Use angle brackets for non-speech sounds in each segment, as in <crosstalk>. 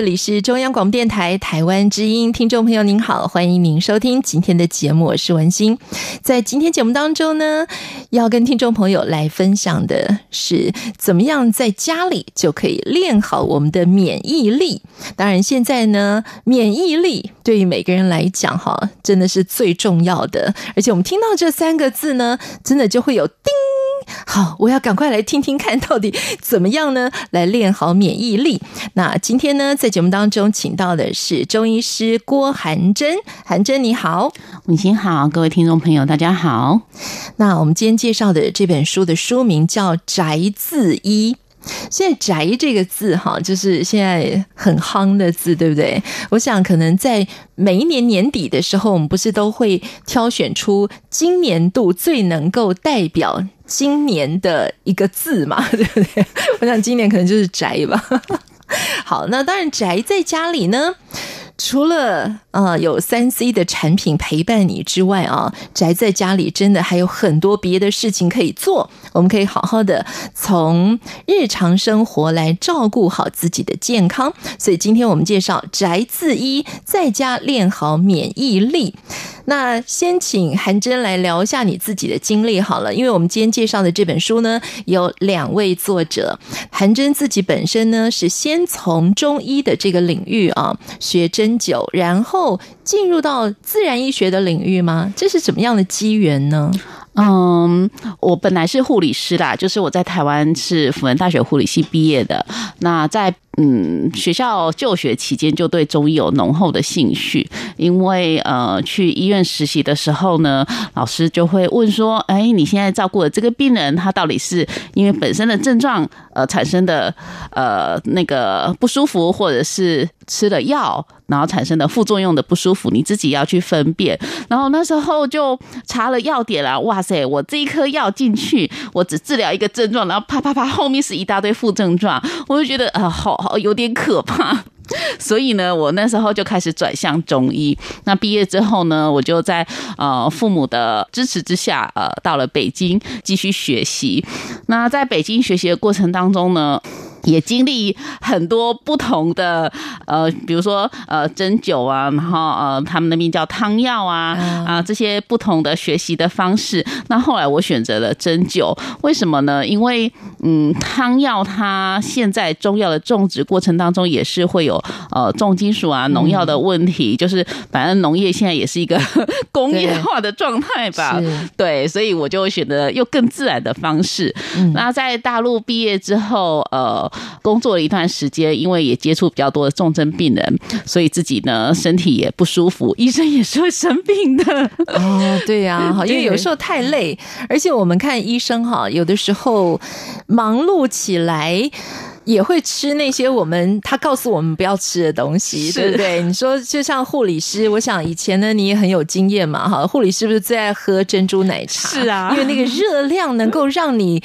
這裡是中央廣播電臺臺灣之音，聽眾朋友您好，歡迎您收聽今天的節目，我是文心。在今天節目當中呢，要跟聽眾朋友來分享的是怎麼樣在家裡就可以練好我們的免疫力。當然，現在呢，免疫力對於每個人來講，哈，真的是最重要的。而且，我們聽到這三個字呢，真的就會有叮。好，我要趕快來聽聽看，到底怎麼樣呢？來練好免疫力。那今天呢，在節目當中請到的是中醫師郭韓珍。韓珍你好，你好，各位聽眾朋友大家好。那我們今天介紹的這本書的書名叫《宅自醫》，現在“宅”這個字哈，就是現在很夯的字，對不對？我想可能在每一年年底的時候，我們不是都會挑選出今年度最能夠代表。今年的一個字嘛，對不對？我想今年可能就是宅吧。 <laughs> 好，那當然宅在家裡呢，除了啊、呃、有三 C 的產品陪伴你之外啊，宅在家裡真的還有很多別的事情可以做。我們可以好好的從日常生活來照顧好自己的健康。所以今天我們介紹宅自醫，在家練好免疫力。那先請韓真來聊一下你自己的經歷好了，因為我們今天介紹的這本書呢，有兩位作者。韓真自己本身呢是先從中醫的這個領域啊學針灸，然後進入到自然醫學的領域嗎？這是什麼樣的機緣呢？嗯、um，我本來是護理師啦，就是我在台灣是輔仁大學護理系畢業的。那在嗯學校就學期間，就對中醫有濃厚的興趣，因為呃去醫院實習的時候呢，老師就會問說，哎，你現在照顧的這個病人，他到底是因為本身的症狀呃產生的呃那個不舒服，或者是吃了藥。然後產生的副作用的不舒服，你自己要去分辨。然後那時候就查了藥點啦，哇塞，我這一顆藥進去，我只治療一個症狀，然後啪啪啪，後面是一大堆副症狀，我就覺得啊、呃，好好有點可怕。所以呢，我那時候就開始轉向中醫。那畢業之後呢，我就在呃父母的支持之下，呃，到了北京繼續學習。那在北京學習的過程當中呢。也經歷很多不同的呃，比如說呃針灸啊，然後呃他們的名叫湯藥啊啊、嗯呃、這些不同的學習的方式。那後來我選擇了針灸，為什麼呢？因為嗯湯藥它現在中藥的種植過程當中也是會有呃重金屬啊農藥的問題，嗯、就是反正農業現在也是一個 <laughs> 工業化的狀態吧對，對，所以我就選擇又更自然的方式。嗯、那在大陸畢業之後，呃。工作了一段時間，因為也接觸比較多的重症病人，所以自己呢身體也不舒服。醫生也是會生病的哦、 <laughs> 嗯、對呀、啊，好，因為有時候太累，而且我們看醫生哈，有的時候忙碌起來。也會吃那些我們他告訴我們不要吃的東西，對不對？你說就像護理師，我想以前呢你也很有經驗嘛，哈，護理師不是最愛喝珍珠奶茶？是啊，因為那個熱量能夠讓你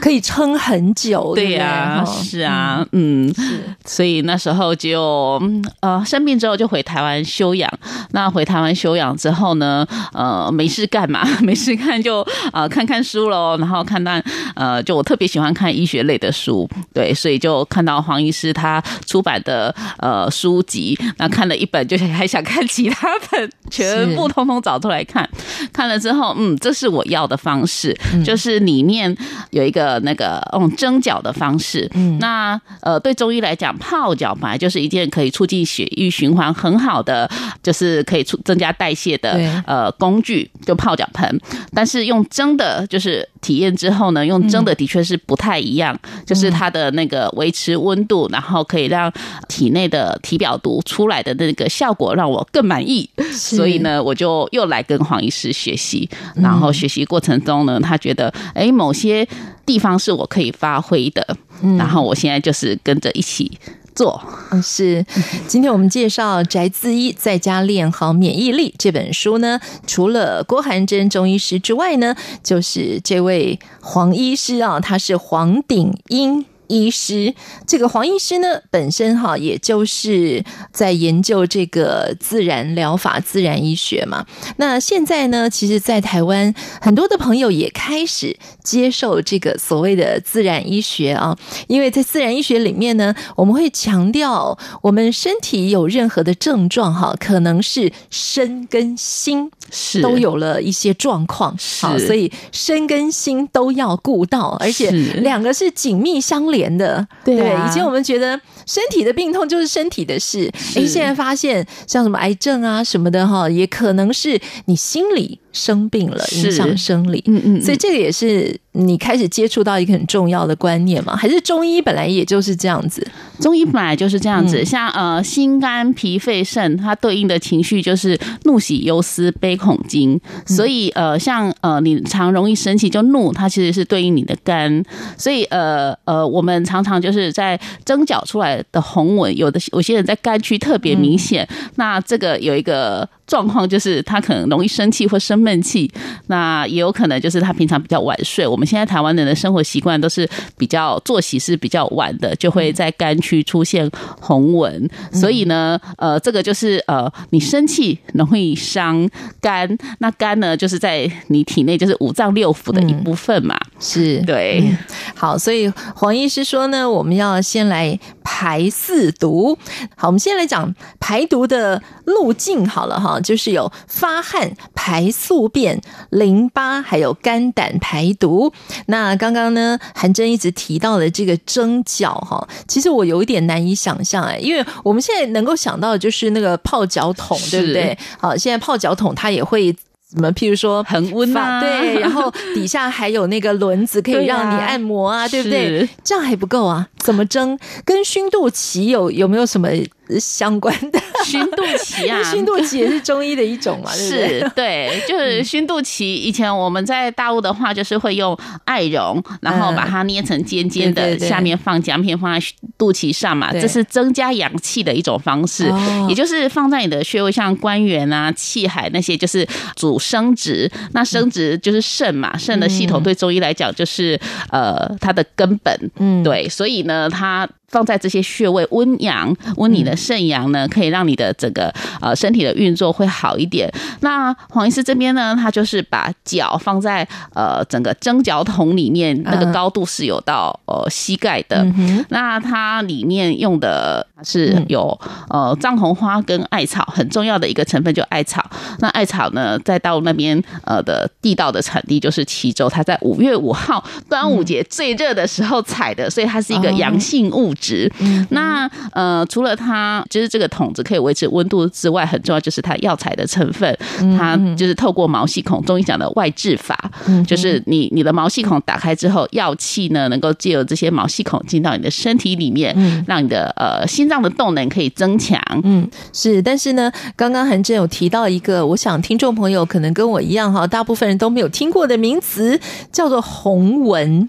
可以撐很久，對呀、啊哦，是啊嗯是，嗯，所以那時候就呃生病之後就回台灣休養。那回台灣休養之後呢，呃，沒事幹嘛？沒事幹就啊、呃、看看書嘍，然後看那呃，就我特別喜歡看醫學類的書，對，所以就。就看到黃醫師他出版的呃書籍，那看了一本，就想還想看其他本，全部通通找出來看。看了之後，嗯，這是我要的方式，嗯、就是裡面有一個那個嗯蒸腳的方式。嗯，那呃對中醫來講，泡腳本來就是一件可以促進血液循環很好的，就是可以促增加代謝的呃工具，就泡腳盆。但是用蒸的，就是。體驗之後呢，用蒸的的確是不太一樣，嗯，就是它的那個維持溫度，嗯，然後可以讓體內的體表毒出來的那個效果讓我更滿意，所以呢，我就又來跟黃醫師學習，嗯，然後學習過程中呢，他覺得哎、欸、某些地方是我可以發揮的，嗯，然後我現在就是跟着一起。做、嗯、是，今天我們介紹《宅自醫在家練好免疫力》這本書呢，除了郭涵珍中醫師之外呢，就是這位黃醫師啊，他是黃鼎英。醫師，這個黃醫師呢，本身哈，也就是在研究這個自然療法、自然醫學嘛。那現在呢，其實，在台灣很多的朋友也開始接受這個所謂的自然醫學啊，因為在自然醫學裡面呢，我們會強調，我們身體有任何的症狀哈，可能是身跟心是都有了一些狀況是，好，所以身跟心都要顧到，而且兩個是緊密相關。連的對，以前我們覺得身體的病痛就是身體的事，哎，現在發現像什麼癌症啊什麼的哈，也可能是你心理生病了，影響生理，嗯，嗯嗯，所以這個也是。你開始接觸到一個很重要的觀念嗎？還是中醫本來也就是這樣子？中醫本來就是這樣子。像呃，心肝脾肺腎，它對應的情緒就是怒、喜、憂、思、悲、恐、驚。所以呃，像呃，你常容易生氣就怒，它其實是對應你的肝。所以呃呃，我們常常就是在針腳出來的紅紋，有的有些人在肝區特別明顯。嗯、那這個有一個。狀況就是他可能容易生氣或生悶氣，那也有可能就是他平常比較晚睡。我們現在台灣人的生活習慣都是比較作息是比較晚的，就會在肝區出現紅紋。嗯。所以呢，呃，這個就是呃，你生氣容易傷肝，那肝呢就是在你體內就是五臟六腑的一部分嘛。嗯，是，對，嗯，好，所以黃醫師說呢，我們要先來排四毒。好，我們先來講排毒的路徑好了哈。就是有發汗、排宿便、淋巴，還有肝膽排毒。那剛剛呢，韓珍一直提到的這個蒸腳哈，其實我有一點難以想象哎、欸，因為我們現在能夠想到的就是那個泡腳桶，對不對？好，現在泡腳桶它也會怎麼？譬如說恆溫吧，對，然後底下還有那個輪子，可以讓你按摩啊，對，啊對不對？這樣還不夠啊，怎麼蒸？跟燻肚臍有有沒有什麼？相關的熏肚臍啊， <laughs> 熏肚臍也是中醫的一種嘛對對，是，對，就是熏肚臍。以前我們在大陸的話，就是會用艾絨，然後把它捏成尖尖的，下面放薑片，放在肚臍上嘛，這是增加陽氣的一種方式。也就是放在你的穴位，像關元啊、氣海那些，就是主生殖。那生殖就是腎嘛，腎的系統對中醫來講就是呃它的根本。嗯，對，所以呢，它放在這些穴位溫陽，溫你的腎陽呢，可以讓你的整個呃身體的運作會好一點。那黃醫師這邊呢，他就是把腳放在呃整個蒸腳桶裡面，那個高度是有到呃膝蓋的。嗯、那它裡面用的是有呃藏紅花跟艾草，很重要的一個成分就是艾草。那艾草呢，再到那邊呃的地道的產地就是蘄州，它在五月五號端午節最熱的時候採的，嗯，所以它是一個陽性物質。嗯值 <noise> 那呃，除了它就是這個桶子可以維持溫度之外，很重要就是它藥材的成分，它就是透過毛細孔中醫講的外治法， <noise> 就是你你的毛細孔打開之後，藥氣呢能夠借由這些毛細孔進到你的身體裡面，讓你的呃心臟的動能可以增強。嗯， <noise> 是，但是呢，剛剛韓正有提到一個，我想聽眾朋友可能跟我一樣哈，大部分人都沒有聽過的名詞叫做紅紋，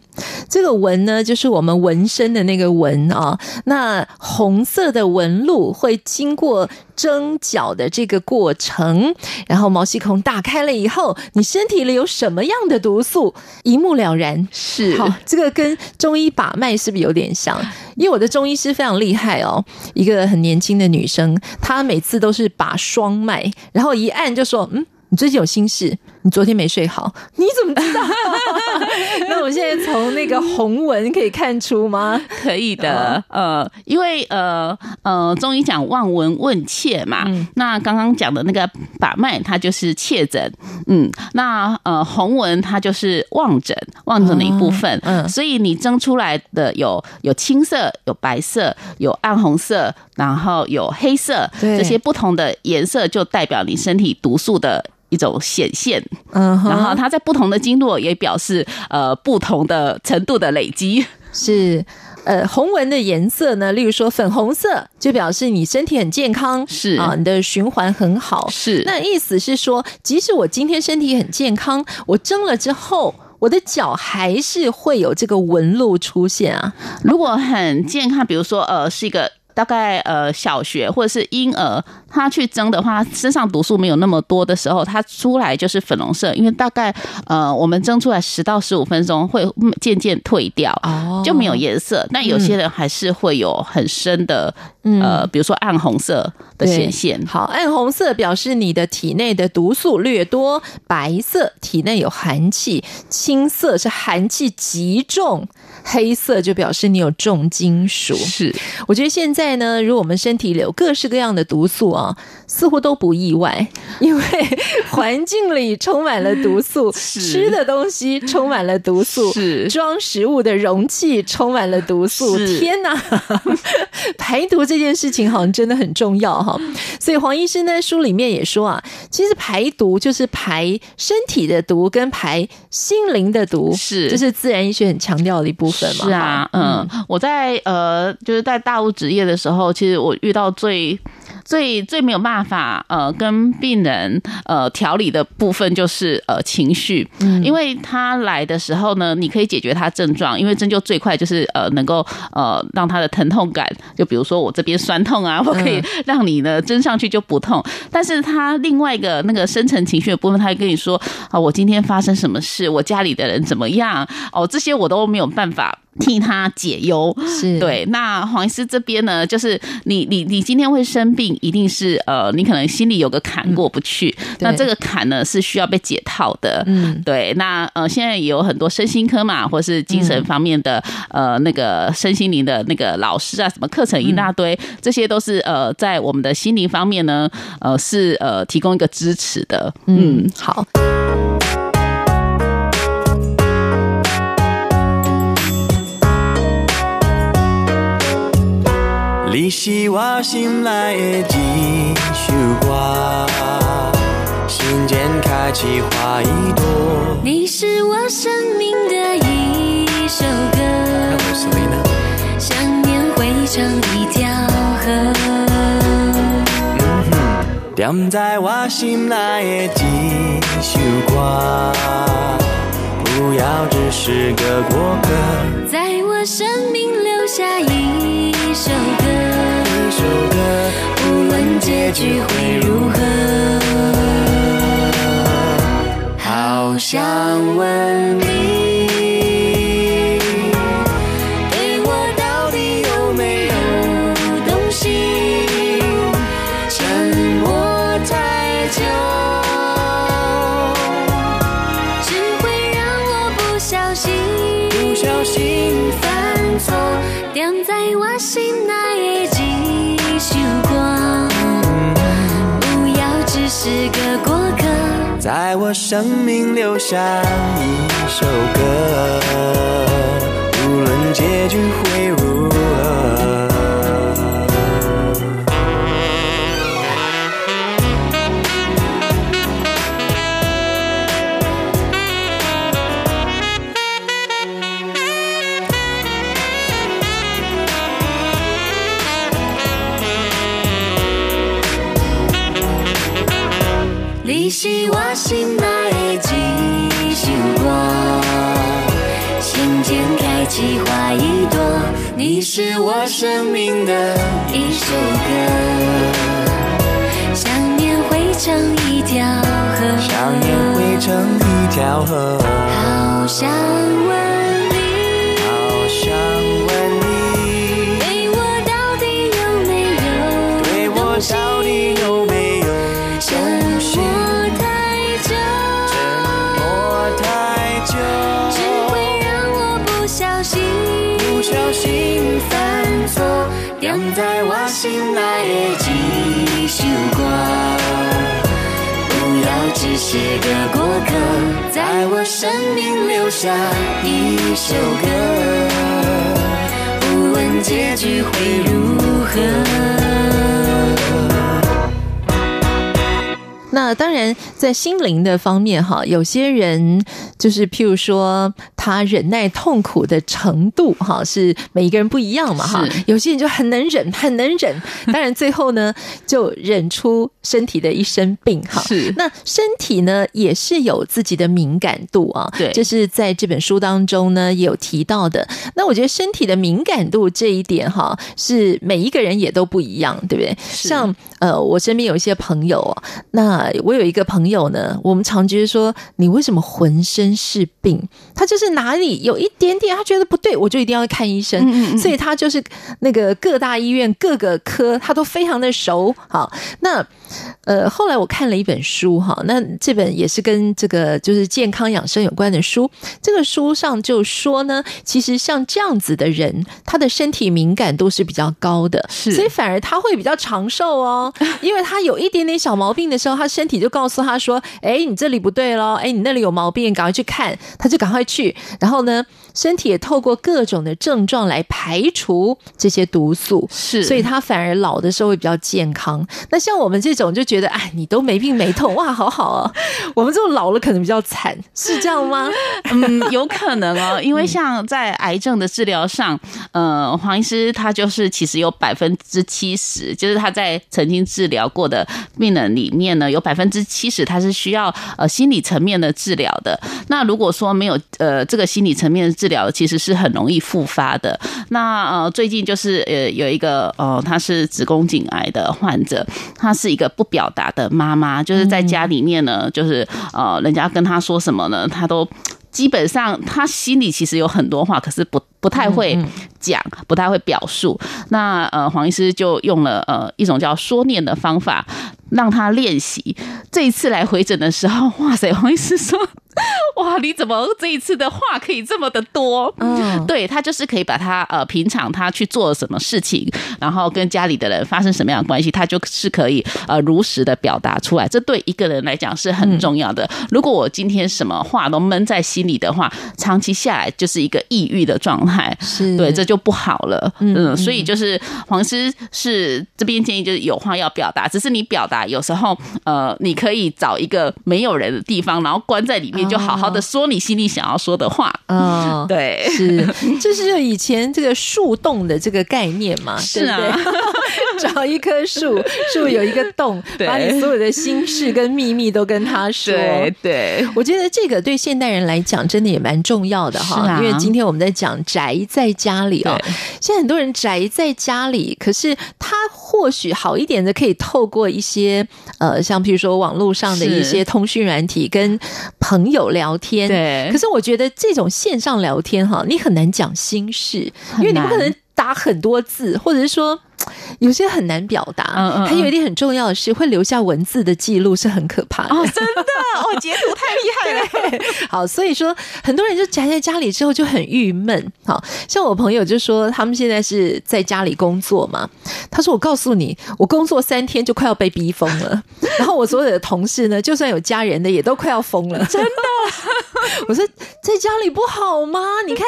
這個紋呢就是我們紋身的那個紋哦。啊，那紅色的紋路會經過蒸腳的這個過程，然後毛細孔打開了以後，你身體裡有什麼樣的毒素一目了然。是，好，這個跟中醫把脈是不是有點像？因為我的中醫師非常厲害哦，一個很年輕的女生，她每次都是把雙脈，然後一按就說：“嗯，你最近有心事。”你昨天沒睡好，你怎麼知道？ <laughs> <laughs> 那我們現在從那個紅紋可以看出嗎？ <laughs> 可以的、哦，呃，因為呃呃，中、呃、醫講望聞問切嘛，嗯、那剛剛講的那個把脈，它就是切診，嗯，那呃紅紋它就是望診，望診的一部分，嗯、哦，所以你蒸出來的有有青色、有白色、有暗紅色，然後有黑色，對，這些不同的顏色就代表你身體毒素的。一種顯現，嗯、uh-huh.，然後它在不同的經絡也表示呃不同的程度的累積是，呃，紅紋的顏色呢，例如說粉紅色就表示你身體很健康，是啊，呃，你的循環很好是。那意思是說，即使我今天身體很健康，我蒸了之後，我的腳還是會有這個紋路出現啊。如果很健康，比如說呃是一個。大概呃小學或者是嬰兒，他去蒸的話，身上毒素沒有那麼多的時候，他出來就是粉紅色，因為大概呃我們蒸出來十到十五分鐘會漸漸退掉，哦，就沒有顏色。那、哦、有些人還是會有很深的、嗯、呃，比如說暗紅色的顯現、嗯。好，暗紅色表示你的體內的毒素略多，白色體內有寒氣，青色是寒氣極重，黑色就表示你有重金屬。是，我覺得現在。在呢，如果我們身體裡有各式各樣的毒素啊，似乎都不意外，因為環境裡充滿了毒素， <laughs> 吃的東西充滿了毒素是，裝食物的容器充滿了毒素。天哪， <laughs> 排毒這件事情好像真的很重要哈。所以黃醫生呢，書裡面也說啊，其實排毒就是排身體的毒跟排心靈的毒，是，這、就是自然醫學很強調的一部分嘛。是啊，嗯，呃、我在呃，就是在大陸執業的的時候，其實我遇到最，最最沒有辦法呃，跟病人呃調理的部分就是呃情緒，嗯、因為他來的時候呢，你可以解決他症狀，因為針灸最快就是呃能夠呃讓他的疼痛感，就比如說我這邊酸痛啊，我可以讓你呢針上去就不痛。嗯、但是他另外一個那個深層情緒的部分，他會跟你說啊、呃，我今天發生什麼事，我家裡的人怎麼樣哦、呃，這些我都沒有辦法替他解憂。是對，那黃醫師這邊呢，就是你你你今天會生病。病一定是呃，你可能心裡有個坎過不去，嗯、那這個坎呢是需要被解套的。嗯，對。那呃，現在也有很多身心科嘛，或是精神方面的、嗯、呃那個身心靈的那個老師啊，什麼課程一大堆，嗯、這些都是呃在我們的心靈方面呢呃是呃提供一個支持的。嗯，嗯，好。你是我心內的一首歌，心間開起花一朵，嗯。你是我生命的一首歌。呢，想念匯成一條河，嗯哼。嗯哼，惦在我心內的一首歌，不要只是個過客，在我生命留下一。首歌，首歌，無論結局會如何，好想問你。在我生命留下一首歌，無論結局會如何。你是我。心一積蓄過，心間開啟花一朵，你是我生命的一首歌。想念匯成一條河，想念匯成一條河。好想問。養在我心內的這首歌，不要只是個過客，在我生命留下一首歌，不問結局會如何。那當然，在心靈的方面，哈，有些人就是，譬如說。他忍耐痛苦的程度，哈，是每一個人不一樣嘛，哈。有些人就很能忍，很能忍，當然最後呢，就忍出身體的一身病，哈。是那身體呢，也是有自己的敏感度啊，對，這、就是在這本書當中呢也有提到的。那我覺得身體的敏感度這一點，哈，是每一個人也都不一樣，對不對？像呃，我身邊有一些朋友，那我有一個朋友呢，我們常覺得說，你為什麼渾身是病？他就是。哪裡有一點點，他覺得不對，我就一定要看醫生。嗯嗯嗯，所以他就是那個各大醫院，各個科，他都非常的熟。好，那。呃，後來我看了一本書，哈，那這本也是跟這個就是健康養生有關的書。這個書上就說呢，其實像這樣子的人，他的身體敏感度是比較高的，是，所以反而他會比較長壽哦，因為他有一點點小毛病的時候， <laughs> 他身體就告訴他說，誒，你這裡不對咯，誒，你那裡有毛病，趕快去看，他就趕快去，然後呢。身體也透過各種的症狀來排除這些毒素，是，所以他反而老的時候會比較健康。那像我們這種就覺得，哎，你都沒病沒痛，哇，好好啊，哦！我們這種老了可能比較慘，是這樣嗎？ <laughs> 嗯，有可能哦，因為像在癌症的治療上，呃、嗯，黃醫師他就是其實有百分之七十，就是他在曾經治療過的病人裡面呢，有百分之七十他是需要呃心理層面的治療的。那如果說沒有呃這個心理層面的治療，治療其實是很容易復發的。那呃，最近就是呃，有一個呃，她是子宮頸癌的患者，她是一個不表達的媽媽，就是在家裡面呢，就是呃，人家跟她說什麼呢，她都基本上，她心裡其實有很多話，可是不。不太會講，不太會表述。那呃，黃醫師就用了呃一種叫說念的方法，讓他練習。這一次來回診的時候，哇塞，黃醫師說：“哇，你怎麼這一次的話可以這麼的多？”嗯，對，他就是可以把他呃平常他去做什麼事情，然後跟家裡的人發生什麼樣的關係，他就是可以呃如實的表達出來。這對一個人來講是很重要的。嗯。如果我今天什麼話都悶在心裡的話，長期下來就是一個抑鬱的狀態。是對，這就不好了。嗯，嗯，所以就是黃師是這邊建議，就是有話要表達，只是你表達有時候，呃，你可以找一個沒有人的地方，然後關在裡面，就好好的說你心裡想要說的話。嗯、哦，對，是，這是以前這個樹洞的這個概念嘛？是啊。對 <laughs> 找一棵樹，樹有一個洞，把你所有的心事跟秘密都跟他說。對，對，我覺得這個對現代人來講真的也蠻重要的哈，啊、因為今天我們在講宅在家裡啊、哦，現在很多人宅在家裡，可是他或許好一點的可以透過一些呃，像比如說網絡上的一些通訊軟體跟朋友聊天。對，可是我覺得這種線上聊天哈，你很難講心事，因為你不可能打很多字，或者是說。有些很難表達，uh, uh, uh. 還有一點很重要的是，會留下文字的記錄是很可怕的。Oh, 真的哦，oh, 截圖太厲害了、欸 <laughs> 好，所以說很多人就宅在家裡之後就很鬱悶。好，像我朋友就說，他們現在是在家裡工作嘛。他說：“我告訴你，我工作三天就快要被逼瘋了。 <laughs> 然後我所有的同事呢，就算有家人的，也都快要瘋了。 <laughs> ”真的？我說在家裡不好嗎？ <laughs> 你看，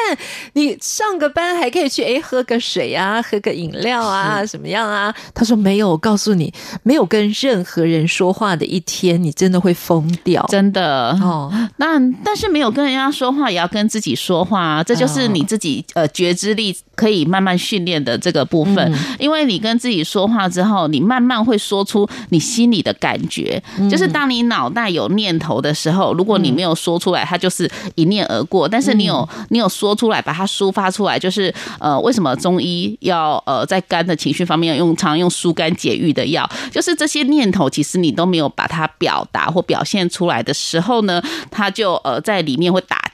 你上個班還可以去誒，喝個水啊，喝個飲料啊。 <laughs> 什麼樣啊？他說沒有，我告訴你，沒有跟任何人說話的一天，你真的會瘋掉，真的哦。那但是沒有跟人家說話，也要跟自己說話啊。這就是你自己、哦、呃覺知力可以慢慢訓練的這個部分、嗯。因為你跟自己說話之後，你慢慢會說出你心裡的感覺。嗯、就是當你腦袋有念頭的時候，如果你沒有說出來，它就是一念而過。但是你有、嗯、你有說出來，把它抒發出來，就是呃為什麼中醫要呃在肝的情緒。這方面用常用疏肝解鬱的藥，就是這些念頭，其實你都沒有把它表達或表現出來的時候呢，它就呃在裡面會打。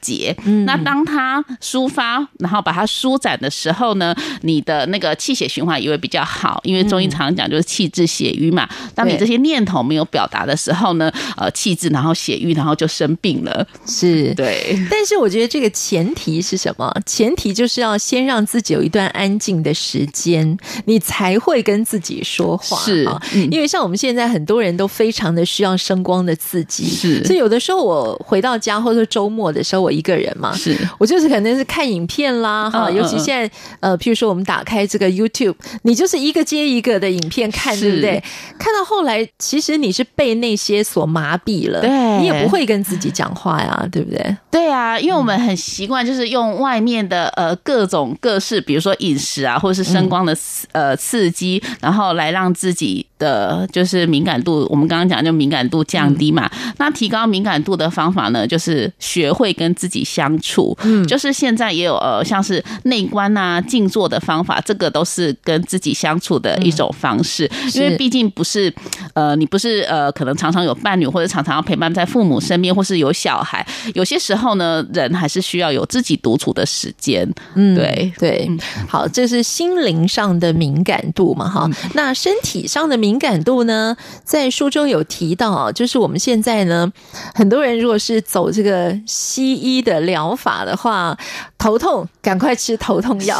嗯，那當它抒發，然後把它舒展的時候呢，你的那個氣血循環也會比較好，因為中醫常常講就是氣滯血瘀嘛。當你這些念頭沒有表達的時候呢，呃，氣滯，然後血瘀，然後就生病了。是對，但是我覺得這個前提是什麼？前提就是要先讓自己有一段安靜的時間，你才會跟自己說話。是，因為像我們現在很多人都非常的需要聲光的刺激，是。所以有的時候我回到家或者說周末的時候，我一個人嘛，是，我就是可能是看影片啦，哈、啊，尤其現在、嗯、呃，譬如說我們打開這個 YouTube，你就是一個接一個的影片看，對不對？看到後來，其實你是被那些所麻痹了，對，你也不會跟自己講話呀，對不對？對啊，因為我們很習慣就是用外面的呃各種各式，比如說飲食啊，或是聲光的呃刺激、嗯，然後來讓自己的就是敏感度，我們剛剛講就敏感度降低嘛、嗯。那提高敏感度的方法呢，就是學會跟。自己相處、嗯，就是現在也有呃，像是內觀啊、靜坐的方法，這個都是跟自己相處的一種方式。嗯、因為畢竟不是呃，你不是呃，可能常常有伴侶，或者常常要陪伴在父母身邊，或是有小孩。有些時候呢，人還是需要有自己獨處的時間。嗯，對對、嗯，好，這是心靈上的敏感度嘛，哈、嗯。那身體上的敏感度呢，在書中有提到啊，就是我們現在呢，很多人如果是走這個西醫的療法的話，頭痛，趕快吃頭痛藥；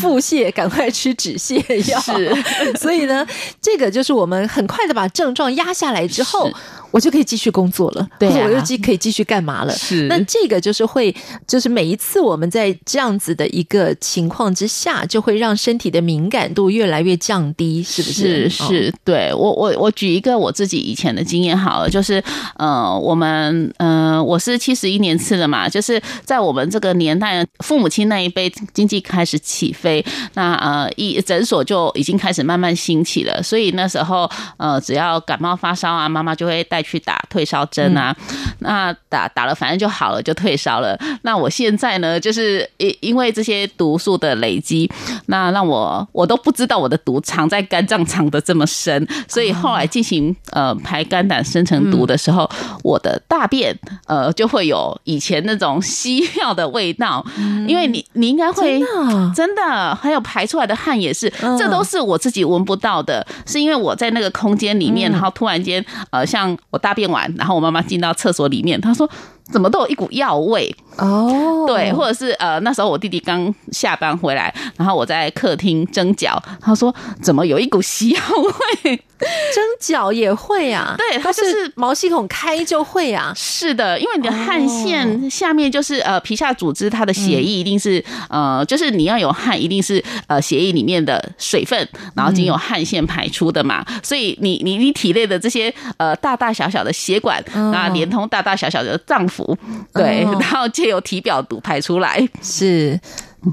腹瀉，趕快吃止瀉藥。是，所以呢，這個就是我們很快的把症狀壓下來之後，我就可以繼續工作了。對啊，我又繼可以繼續幹嘛了？是。那這個就是會，就是每一次我們在這樣子的一個情況之下，就會讓身體的敏感度越來越降低，是不是？是，是，對，我，我，我舉一個我自己以前的經驗好了，就是呃，我們呃，我是七十一年次的嘛，就是在我們這個年代。父母親那一輩經濟開始起飛，那呃，一診所就已經開始慢慢興起了。所以那時候，呃，只要感冒發燒啊，媽媽就會帶去打退燒針啊。嗯、那打打了，反正就好了，就退燒了。那我現在呢，就是因因為這些毒素的累積，那讓我我都不知道我的毒藏在肝臟藏得這麼深。所以後來進行、嗯、呃排肝膽生成毒的時候，嗯、我的大便呃就會有以前那種稀妙的味道。因為你你應該會真的，還有排出來的汗也是，這都是我自己聞不到的，是因為我在那個空間裡面，然後突然間，呃，像我大便完，然後我媽媽進到廁所裡面，她說。怎麼都有一股藥味哦？oh，對，或者是呃，那時候我弟弟剛下班回來，然後我在客廳蒸腳，他說怎麼有一股西藥味？蒸腳也會啊，對，它就是，是毛細孔開就會啊。是的，因為你的汗腺下面就是呃皮下組織，它的血液一定是，嗯、呃，就是你要有汗，一定是呃血液裡面的水分，然後經由汗腺排出的嘛。嗯，所以你你你體內的這些呃大大小小的血管，那連通大大小小的臟腑。嗯嗯對，oh. 然後借由體表毒排出來是，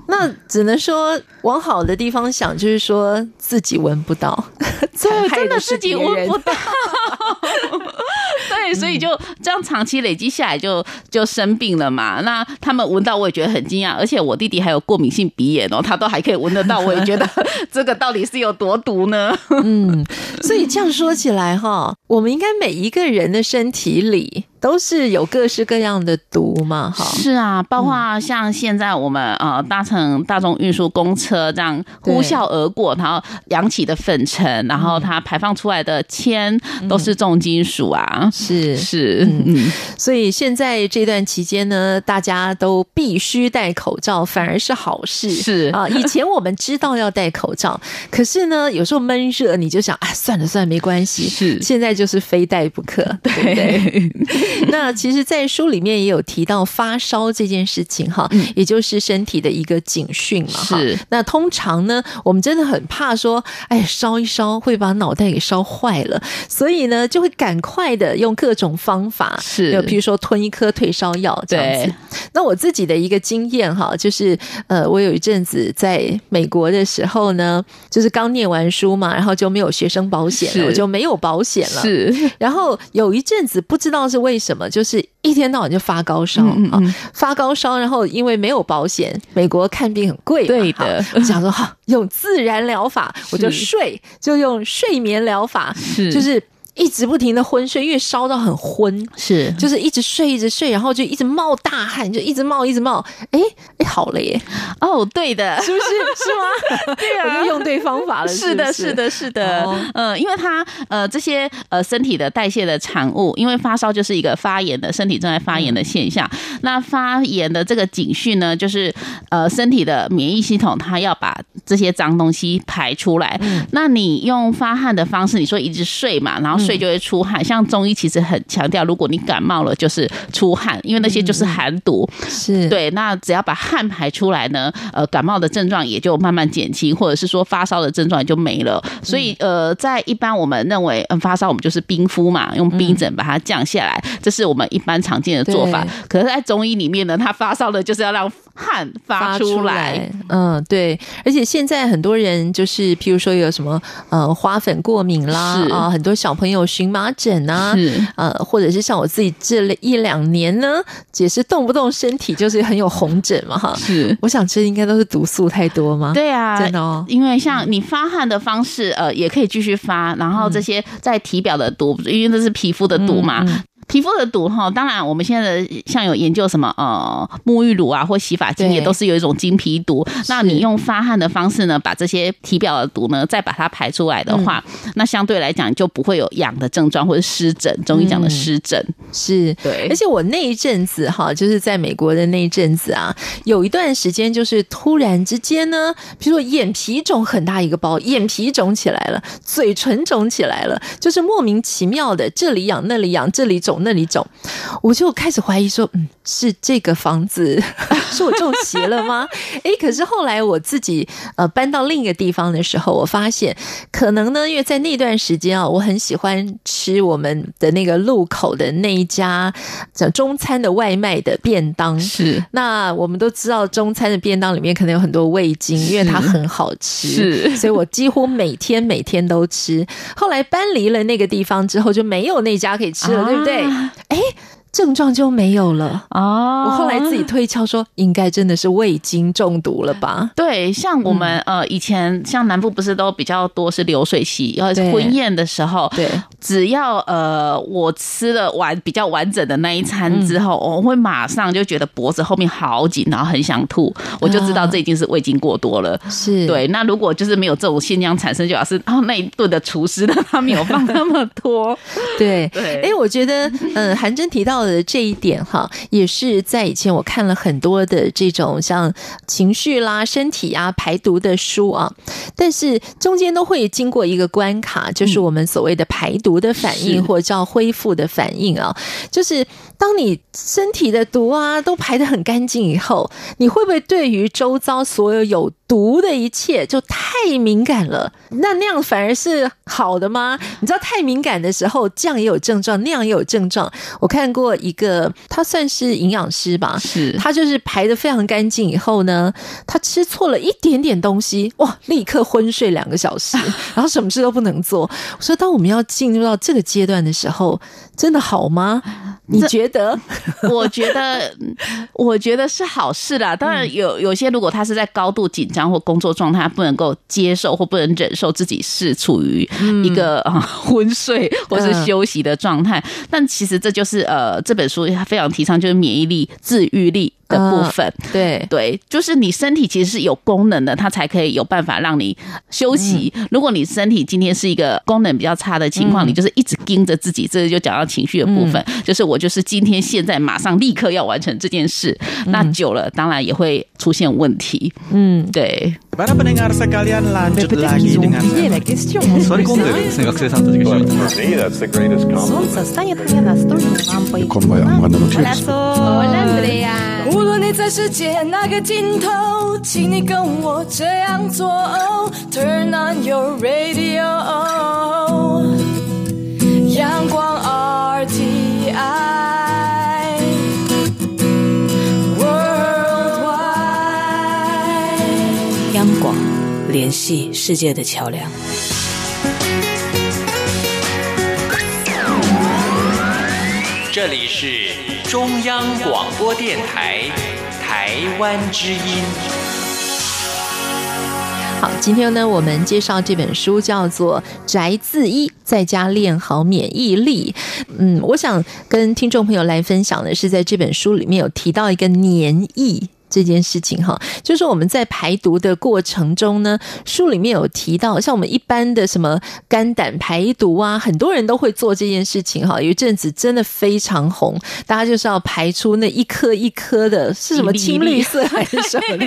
那只能說往好的地方想，就是說自己聞不到， <laughs> 真的自己聞不到， <laughs> <laughs> 對，所以就這樣長期累積下來就，就就生病了嘛。那他們聞到，我也覺得很驚訝，而且我弟弟還有過敏性鼻炎哦，他都還可以聞得到，我也覺得這個到底是有多毒呢？嗯， <laughs> <laughs> 所以這樣說起來哈、哦， <laughs> 我們應該每一個人的身體裡。都是有各式各樣的毒嘛，哈，是啊，包括像現在我們啊、呃，搭乘大眾運輸公車，這樣呼嘯而過，然後揚起的粉塵，然後它排放出來的鉛都是重金屬啊，嗯、是是、嗯，所以現在這段期間呢，大家都必須戴口罩，反而是好事，是啊、呃，以前我們知道要戴口罩，可是呢，有時候悶熱你就想啊，算了算了，沒關係，是，現在就是非戴不可，對不對？對。 <laughs> 那其實，在書裡面也有提到發燒這件事情哈，也就是身體的一個警訊嘛。是。那通常呢，我們真的很怕說，哎，燒一燒會把腦袋給燒壞了，所以呢，就會趕快的用各種方法，是。比如說吞一顆退燒藥，這樣子。對。那我自己的一個經驗哈，就是呃，我有一陣子在美國的時候呢，就是剛念完書嘛，然後就沒有學生保險了，我就沒有保險了。是。然後有一陣子不知道是為什麼，就是一天到晚就發高燒，嗯嗯嗯，啊，發高燒，然後因為沒有保險，美國看病很貴。對的，啊，我想說哈，啊，用自然療法，我就睡，就用睡眠療法，是，就是。一直不停的昏睡，因為燒到很昏，是就是一直睡一直睡，然後就一直冒大汗，就一直冒一直冒。哎、欸、哎、欸，好了耶！哦、oh，對的，是不是？ <laughs> 是嗎？對啊，我就用對方法了，是不是？是的，是的，是的。嗯、oh. 呃，因為他呃這些呃身體的代謝的產物，因為發燒就是一個發炎的身體正在發炎的現象。Mm. 那發炎的這個警訊呢，就是呃身體的免疫系統它要把這些髒東西排出來。Mm. 那你用發汗的方式，你說一直睡嘛，然後。所以就會出汗，像中醫其實很強調，如果你感冒了就是出汗，因為那些就是寒毒，嗯、是對。那只要把汗排出來呢，呃，感冒的症狀也就慢慢減輕，或者是說發燒的症狀也就沒了。所以，呃，在一般我們認為，嗯，發燒我們就是冰敷嘛，用冰枕把它降下來，嗯、這是我們一般常見的做法。可是，在中醫裡面呢，它發燒了就是要讓。汗發出，發出來，嗯，對，而且現在很多人就是，譬如說有什麼呃花粉過敏啦啊、呃，很多小朋友蕁麻疹啊，呃，或者是像我自己這一兩年呢，也是動不動身體就是很有紅疹嘛，哈，是，我想這應該都是毒素太多嗎？對啊，真的哦，因為像你發汗的方式，嗯、呃，也可以繼續發，然後這些在體表的毒，嗯、因為那是皮膚的毒嘛。嗯嗯皮膚的毒哈，當然我們現在的像有研究什麼呃、沐浴乳啊或洗髮精也都是有一種經皮毒。那你用發汗的方式呢，把這些體表的毒呢，再把它排出來的話，嗯、那相對來講就不會有癢的症狀或者是濕疹。中醫講的濕疹、嗯、是，對。而且我那一陣子哈，就是在美國的那一陣子啊，有一段時間就是突然之間呢，比如說眼皮腫很大一個包，眼皮腫起來了，嘴唇腫起來了，就是莫名其妙的這裡癢那裡癢，這裡腫。那裡走，我就開始懷疑說，嗯，是這個房子 <laughs> 是我中邪了嗎？誒、欸，可是後來我自己呃搬到另一個地方的時候，我發現可能呢，因為在那段時間啊，我很喜歡吃我們的那個路口的那一家叫中餐的外賣的便當。是，那我們都知道中餐的便當裡面可能有很多味精，因為它很好吃，是，所以我幾乎每天每天都吃。後來搬離了那個地方之後，就沒有那家可以吃了，啊、對不對？哎，症狀就沒有了哦。Oh. 我後來自己推敲說，應該真的是味精中毒了吧？對，像我們、嗯、呃以前，像南部不是都比較多是流水席，然後是婚宴的時候，對。對只要呃，我吃了完比較完整的那一餐之後，嗯，我會馬上就覺得脖子後面好緊，然後很想吐啊，我就知道這已經是味精過多了。是對。那如果就是沒有這種現象產生，就表示啊那一頓的廚師呢，他沒有放那麼多。對 <laughs> 對。哎，欸，我覺得嗯，韓真提到的這一點哈，也是在以前我看了很多的這種像情緒啦、身體啊、排毒的書啊，但是中間都會經過一個關卡，就是我們所謂的排毒。嗯毒的反應或叫恢復的反應啊，就是。當你身體的毒啊都排得很乾淨以後，你會不會對於周遭所有有毒的一切就太敏感了？那那樣反而是好的嗎？你知道太敏感的時候，這樣也有症狀，那樣也有症狀。我看過一個，他算是營養師吧，是他就是排得非常乾淨以後呢，他吃錯了一點點東西，哇，立刻昏睡兩個小時， <laughs> 然後什麼事都不能做。我說，當我們要進入到這個階段的時候，真的好嗎？你覺得得， <laughs> 我覺得，我覺得是好事啦。當然有，有有些如果他是在高度緊張或工作狀態，不能夠接受或不能忍受自己是處於一個昏睡或是休息的狀態，嗯，但其實這就是呃，這本書非常提倡就是免疫力、自癒力。的部分，啊、對對，就是你身體其實是有功能的，它才可以有辦法讓你休息、嗯。如果你身體今天是一個功能比較差的情況，嗯、你就是一直盯着自己，這個、就講到情緒的部分、嗯。就是我就是今天現在馬上立刻要完成這件事，嗯、那久了當然也會出現問題。嗯，對。嗯無論你在世界哪個盡頭，請你跟我這樣做哦，Turn on your radio，陽光 RTI，Worldwide。央廣，聯繫世界的橋梁。這裡是。中央廣播電台，台灣之音。好，今天呢，我們介紹這本書叫做《宅自醫，在家練好免疫力》。嗯，我想跟聽眾朋友來分享的是，在這本書裡面有提到一個黏液，這件事情哈，就是我們在排毒的過程中呢，書裡面有提到，像我們一般的什麼肝膽排毒啊，很多人都會做這件事情哈。有一陣子真的非常紅，大家就是要排出那一顆一顆的，一粒一粒是什麼青綠色還是什麼的？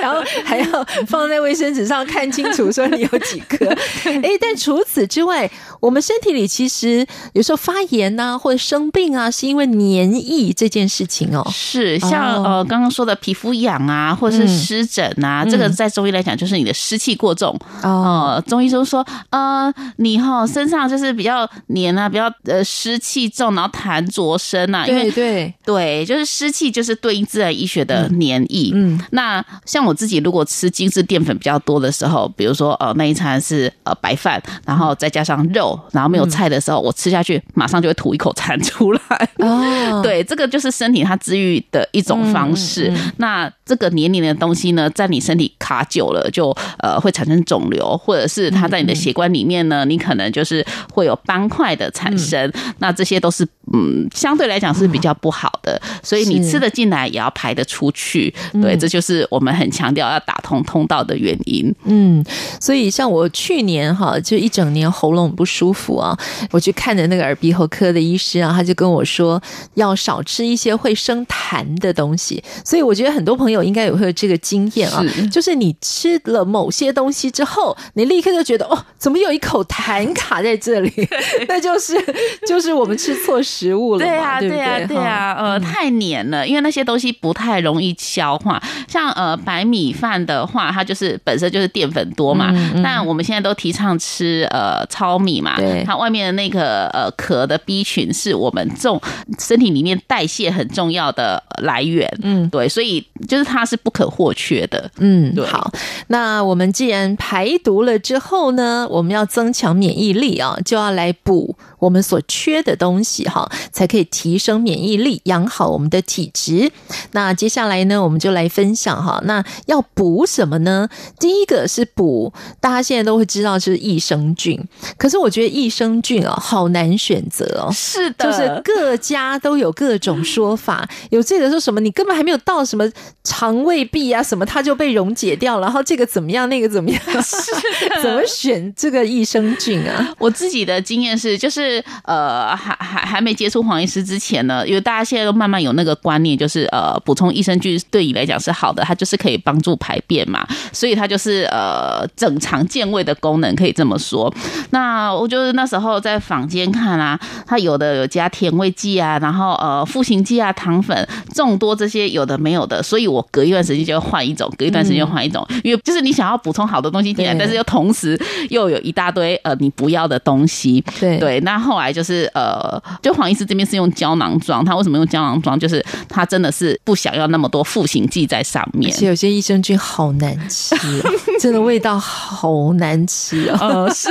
然後還要放在衛生紙上看清楚，說你有幾顆。哎， <laughs> 但除此之外，我們身體裡其實有時候發炎啊，或者生病啊，是因為黏液這件事情哦。是，像、oh, 呃剛剛說的。皮膚癢啊，或者是濕疹啊，嗯、這個在中醫來講就是你的濕氣過重、嗯呃、哦。中醫就說，呃，你哈、哦、身上就是比較黏啊，比較呃濕氣重，然後痰濁身啊因為。對對對，就是濕氣就是對應自然醫學的黏液。嗯，嗯，那像我自己如果吃精致澱粉比較多的時候，比如說呃那一餐是呃白飯，然後再加上肉，然後沒有菜的時候，嗯嗯我吃下去馬上就會吐一口痰出來。哦， <laughs> 對，這個就是身體它治癒的一種方式。嗯嗯那這個黏黏的東西呢，在你身體卡久了，就呃會產生腫瘤，或者是它在你的血管裡面呢，嗯、你可能就是會有斑塊的產生、嗯。那這些都是嗯，相對來講是比較不好的。啊、所以你吃得進來也要排得出去，對，這就是我們很強調要打通通道的原因。嗯，所以像我去年哈，就一整年喉嚨不舒服啊，我去看的那個耳鼻喉科的醫師啊，他就跟我說要少吃一些會生痰的東西，所以我。我覺得很多朋友應該也會有這個經驗啊，就是你吃了某些東西之後，你立刻就覺得哦，怎麼有一口痰卡在這裡？對對對 <laughs> 那就是就是我們吃錯食物了，對啊對啊對，對啊，對啊嗯、呃，太黏了，因為那些東西不太容易消化。像呃白米飯的話，它就是本身就是澱粉多嘛。那、嗯嗯、我們現在都提倡吃呃糙米嘛。對，它外面的那個呃殼的 B 群是我們重身體裡面代謝很重要的來源，嗯，對，所以。就是它是不可或缺的，嗯，好，那我們既然排毒了之後呢，我們要增強免疫力啊、哦，就要來補我們所缺的東西哈、哦，才可以提升免疫力，養好我們的體質。那接下來呢，我們就來分享哈，那要補什麼呢？第一個是補，大家現在都會知道是益生菌，可是我覺得益生菌啊、哦，好難選擇哦，是的，就是各家都有各種說法， <laughs> 有這個說什麼你根本還沒有到什。什麼腸胃壁啊什麼，它就被溶解掉，然後這個怎麼樣，那個怎麼樣？怎麼選這個益生菌啊？ <laughs> 我自己的經驗是，就是呃，還還還沒接觸黃醫師之前呢，因為大家現在都慢慢有那個觀念，就是呃，補充益生菌對你來講是好的，它就是可以幫助排便嘛，所以它就是呃整腸健胃的功能可以這麼說。那我就是那時候在坊間看啊，它有的有加甜味劑啊，然後呃賦形劑啊、糖粉眾多這些有的沒有。的，所以我隔一段時間就要換一種，隔一段時間就換一種。嗯，因為就是你想要補充好多東西進來，但是又同時又有一大堆呃你不要的東西，對對。那後來就是呃，就黃醫師這邊是用膠囊裝，他為什麼用膠囊裝？就是他真的是不想要那麼多賦形劑在上面，而且有些益生菌好難吃。啊， <laughs> 真的味道好難吃啊！嗯、是，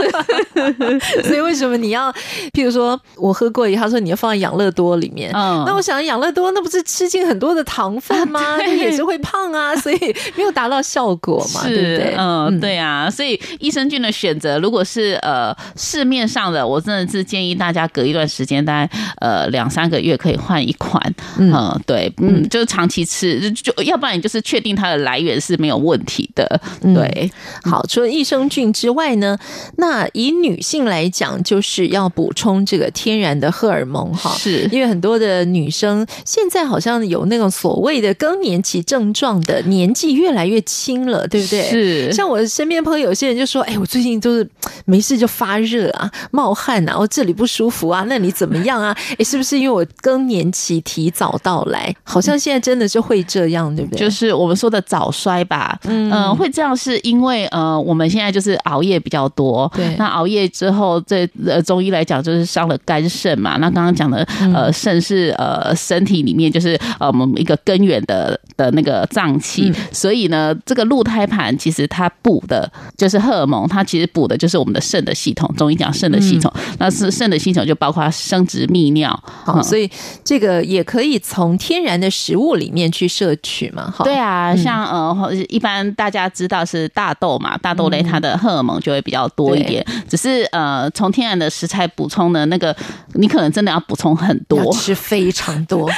<laughs> 所以為什麼你要？譬如說我喝過以後，他說你要放在養樂多裡面，嗯、那我想養樂多那不是吃進很多的糖分嗎？ <laughs> 也是會胖啊，所以沒有達到效果嘛， <laughs> 對不對？嗯，對啊。所以益生菌的選擇，如果是呃市面上的，我真的是建議大家隔一段時間，大概呃兩三個月可以換一款，嗯，呃、對，嗯，嗯就是長期吃，就，就要不然你就是確定它的來源是沒有問題的。對、嗯，好，除了益生菌之外呢，那以女性來講，就是要補充這個天然的荷爾蒙哈，是因為很多的女生現在好像有那種所謂的跟更年期症狀的年紀越來越輕了，對不對？是。像我身邊朋友有些人就說：“哎、欸，我最近就是沒事就發熱啊，冒汗啊，我這裡不舒服啊，那裡怎麼樣啊？哎、 <laughs> 欸，是不是因為我更年期提早到來？好像現在真的是會這樣，嗯，對不對？就是我們說的早衰吧。嗯嗯、呃，會這樣是因為呃，我們現在就是熬夜比較多。對。那熬夜之後，這、呃、中醫來講就是傷了肝腎嘛。那剛剛講的、嗯、呃，腎是呃身體裡面就是呃我們一個根源的。的那個臟器、嗯，所以呢，這個鹿胎盤其實它補的就是荷爾蒙，它其實補的就是我們的腎的系統。中醫講腎的系統，嗯、那是腎的系統就包括生殖、泌尿、嗯。好，所以這個也可以從天然的食物裡面去攝取嘛。哈，對啊，嗯、像呃，一般大家知道是大豆嘛，大豆類它的荷爾蒙就會比較多一點。嗯、只是呃，從天然的食材補充的那個，你可能真的要補充很多，吃非常多。 <laughs>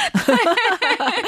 <laughs>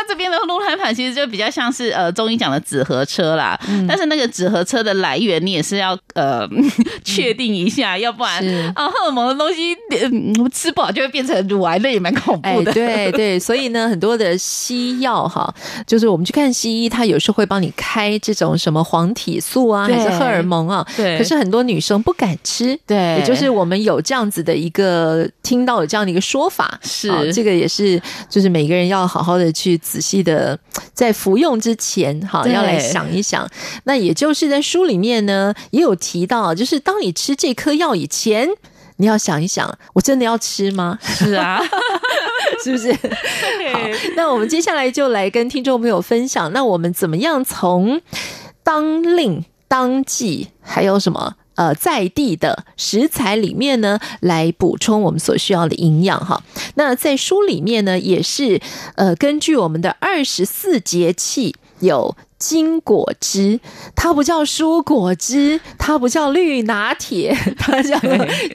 這邊的鹿胎盤其實就比較像是呃中醫講的紫河車啦，嗯，但是那個紫河車的來源你也是要呃確定一下，嗯，要不然啊荷爾蒙的東西，嗯，吃不好就會變成乳癌，類，蠻恐怖的。欸，對對，所以呢很多的西藥哈， <laughs> 就是我們去看西醫，他有時候會幫你開這種什麼黃體素啊還是荷爾蒙啊，對。可是很多女生不敢吃，對，也就是我們有這樣子的一個聽到有這樣的一個說法，是，哦，這個也是就是每個人要好好的去仔。仔細的，在服用之前，哈，要來想一想。那也就是在書裡面呢，也有提到，就是當你吃這顆藥以前，你要想一想，我真的要吃嗎？是啊， <laughs> 是不是對？好，那我們接下來就來跟聽眾朋友分享，那我們怎麼樣從當令當季還有什麼？呃，在地的食材裡面呢，來補充我們所需要的營養哈。那在書裡面呢，也是呃，根據我們的二十四節氣有金果汁，它不叫蔬果汁，它不叫綠拿鐵，它叫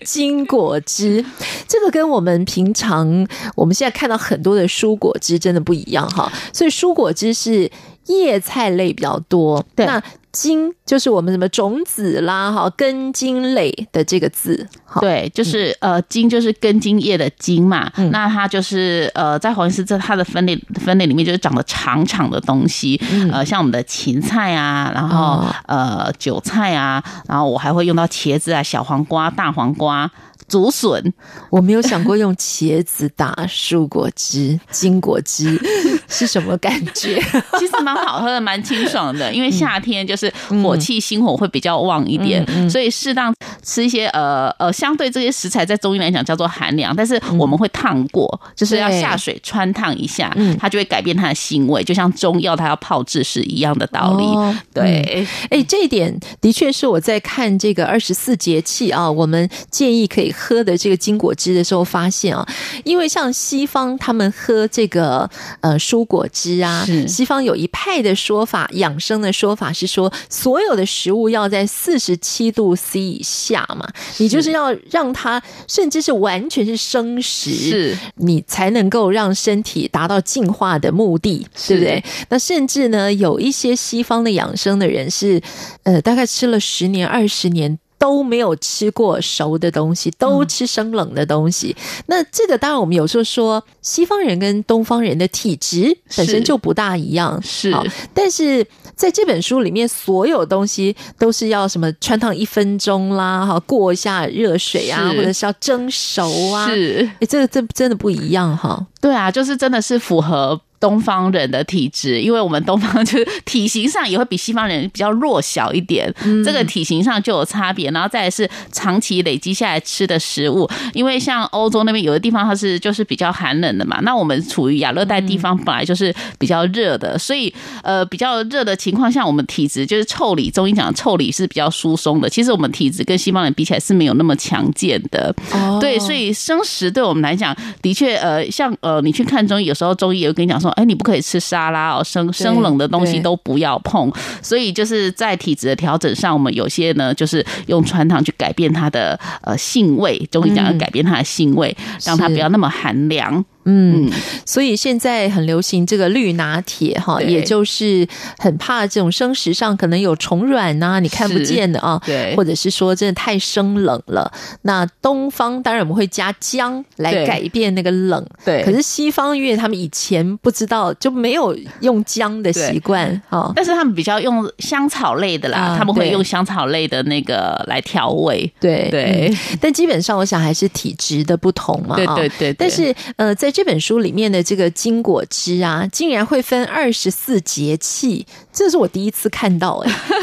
金果汁。 <laughs> 這個跟我們平常我們現在看到很多的蔬果汁真的不一樣哈。所以蔬果汁是葉菜類比較多。對。那莖就是我們什麼種子啦，哈根莖類的這個字，對，就是、嗯、呃莖就是根莖葉的莖嘛、嗯，那它就是呃在黃醫師這它的分類分類裡面就是長得長長的東西，嗯、呃像我們的芹菜啊，然後、哦、呃韭菜啊，然後我還會用到茄子啊、小黃瓜、大黃瓜、竹筍。我沒有想過用茄子打蔬果汁、金果汁。 <laughs> 是什麼感覺？ <laughs> 其實蠻好喝的，蠻清爽的。因為夏天就是火氣、心、嗯、火會比較旺一點，嗯、所以適當吃一些呃呃，相對這些食材在中醫來講叫做寒涼，但是我們會燙過、嗯，就是要下水汆燙一下，它就會改變它的腥味，嗯、就像中藥它要炮製是一樣的道理。哦、對，哎、欸，這一點的確是我在看這個二十四節氣啊，我們建議可以喝的這個金果汁的時候發現啊，因為像西方他們喝這個呃蔬果汁啊，西方有一派的說法，養生的說法是說，所有的食物要在四十七度 C 以下嘛，你就是要讓它甚至是完全是生食，是你才能夠讓身體達到進化的目的，對不對？那甚至呢，有一些西方的養生的人是，呃，大概吃了十年、二十年。都沒有吃過熟的東西，都吃生冷的東西。嗯、那這個當然，我們有時候說西方人跟東方人的體質本身就不大一樣。是，但是在這本書裡面，所有東西都是要什麼汆燙，一分鐘啦，哈，過一下熱水啊，或者是要蒸熟啊，是。這個這真的不一樣哈。對啊，就是真的是符合，東方人的體質，因為我們東方就是體型上也會比西方人比較弱小一點，嗯、這個體型上就有差別。然後再是長期累積下來吃的食物，因為像歐洲那邊有的地方它是就是比較寒冷的嘛，那我們處於亞熱帶地方本來就是比較熱的，嗯、所以呃比較熱的情況下，我們體質就是腠理，中醫講腠理是比較疏鬆的。其實我們體質跟西方人比起來是沒有那麼強健的，哦、對，所以生食對我們來講的確呃像呃你去看中醫，有時候中醫也會跟你講說。哎，你不可以吃沙拉哦，生生冷的東西都不要碰。所以就是在體質的調整上，我們有些呢，就是用川燙去改變它的呃性味，中醫講要改變它的性味，嗯，讓它不要那麼寒涼。嗯，嗯，所以現在很流行這個綠拿鐵哈，也就是很怕這種生食上可能有蟲卵吶，你看不見的啊，對，或者是說真的太生冷了。那東方當然我們會加薑來改變那個冷，對。可是西方因為他們以前不知道，就沒有用薑的習慣啊，但是他們比較用香草類的啦，啊、他們會用香草類的那個來調味，對對，對、嗯。但基本上我想還是體質的不同嘛，對對對，對，對。但是呃在這本書裡面的這個金果汁啊，竟然會分二十四節氣，這是我第一次看到哎、欸！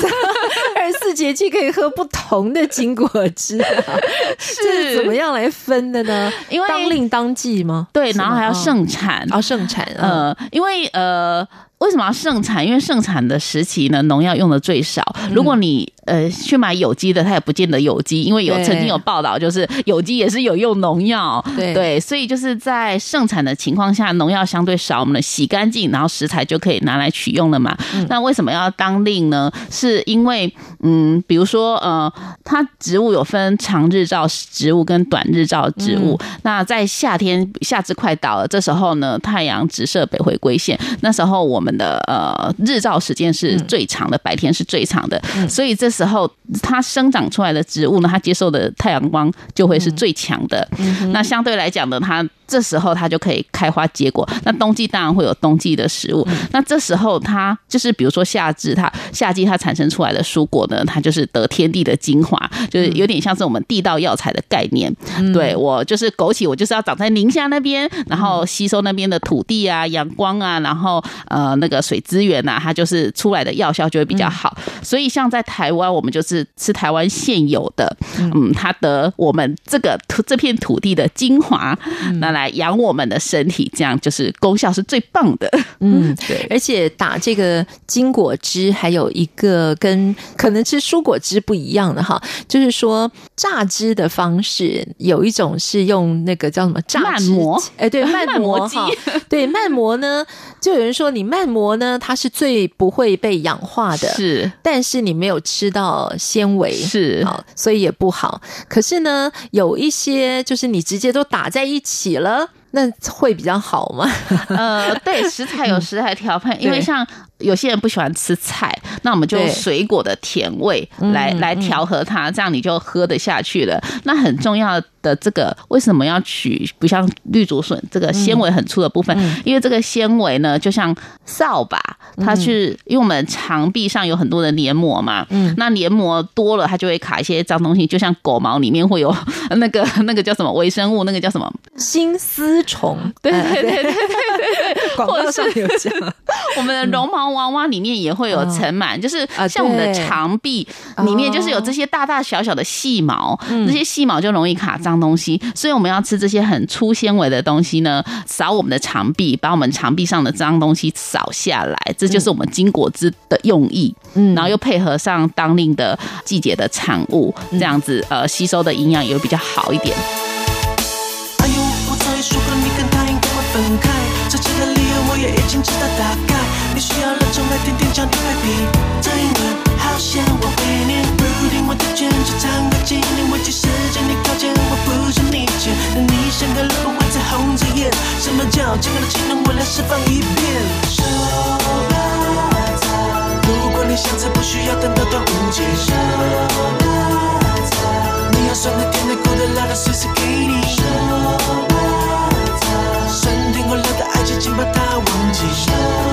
二十四節氣可以喝不同的金果汁，啊， <laughs> 是，這是怎麼樣來分的呢？因為當令當季嗎？對嗎，然後還要盛產，啊、哦哦、盛產。呃、嗯、因為呃。為什麼要盛產？因為盛產的時期呢，農藥用的最少。如果你、嗯、呃去買有機的，它也不見得有機，因為有曾經有報道，就是有機也是有用農藥對。對，所以就是在盛產的情況下，農藥相對少，我們洗乾淨，然後食材就可以拿來取用了嘛。嗯、那為什麼要當令呢？是因為嗯，比如說呃，它植物有分長日照植物跟短日照植物。嗯、那在夏天，夏至快到了，這時候呢，太陽直射北回歸線，那時候我們。的呃，日照時間是最長的，嗯，白天是最長的，嗯，所以這時候它生長出來的植物呢，它接受的太陽光就會是最強的。嗯嗯。那相對來講呢，它。這時候它就可以開花結果。那冬季當然會有冬季的食物。嗯、那這時候它就是，比如說夏至，它夏季它產生出來的蔬果呢，它就是得天地的精華，就是有點像是我們地道藥材的概念。嗯、對我就是枸杞，我就是要長在寧夏那邊，然後吸收那邊的土地啊、陽光啊，然後呃那個水資源啊，它就是出來的藥效就會比較好，嗯。所以像在台灣，我們就是吃台灣現有的，嗯，它得我們這個土這片土地的精華，嗯、那來。養我們的身體，這樣就是功效是最棒的。嗯，對。而且打這個金果汁，還有一個跟可能吃蔬果汁不一樣的哈，就是說榨汁的方式，有一種是用那個叫什麼榨汁機，哎、欸，對，慢磨，慢磨機。對，慢磨呢，就有人說你慢磨呢，它是最不會被氧化的，是。但是你沒有吃到纖維，是，所以也不好。可是呢，有一些就是你直接都打在一起了。了，那會比較好嗎？ <laughs> 呃，對，食材有食材調配、嗯，因為像有些人不喜歡吃菜，那我們就水果的甜味來來，來調和它、嗯，這樣你就喝得下去了。嗯、那很重要的。的這個為什麼要取不像綠竹筍這個纖維很粗的部分？因為這個纖維呢，就像掃把，它是因為我們腸壁上有很多的黏膜嘛，那黏膜多了，它就會卡一些髒東西，就像狗毛裡面會有那個那個叫什麼微生物，那個叫什麼心絲蟲，對對對對對，對，廣 <laughs> 告上沒有講， <laughs> 我們的絨毛娃娃裡面也會有塵蟎，就是像我們的腸壁裡面就是有這些大大小小的細毛，那些細毛就容易卡髒。髒東西，所以我們要吃這些很粗纖維的東西呢，掃我們的腸壁，把我們腸壁上的髒東西掃下來，這就是我們金果汁的用意。嗯，然後又配合上當令的季節的產物，嗯、這樣子呃，吸收的營養也會比較好一點。忘記。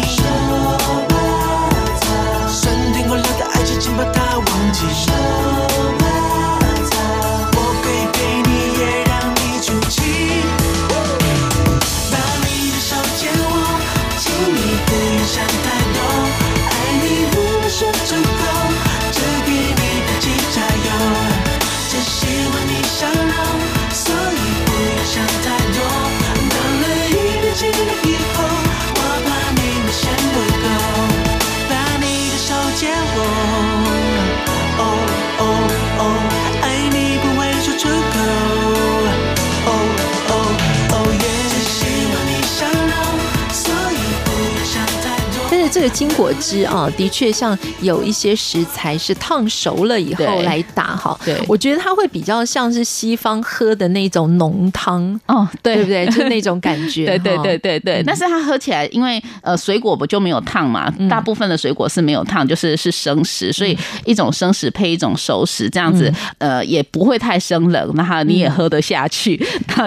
金果汁啊，的確像有一些食材是燙熟了以後來打哈。對，我覺得它會比較像是西方喝的那種濃湯哦，對不對？ <laughs> 就那種感覺，哦。 <laughs> 對對對對對，對。但是它喝起來，因為呃水果不就沒有燙嘛，大部分的水果是沒有燙，就是是生食，所以一種生食配一種熟食這樣子，呃也不會太生冷，那你也喝得下去。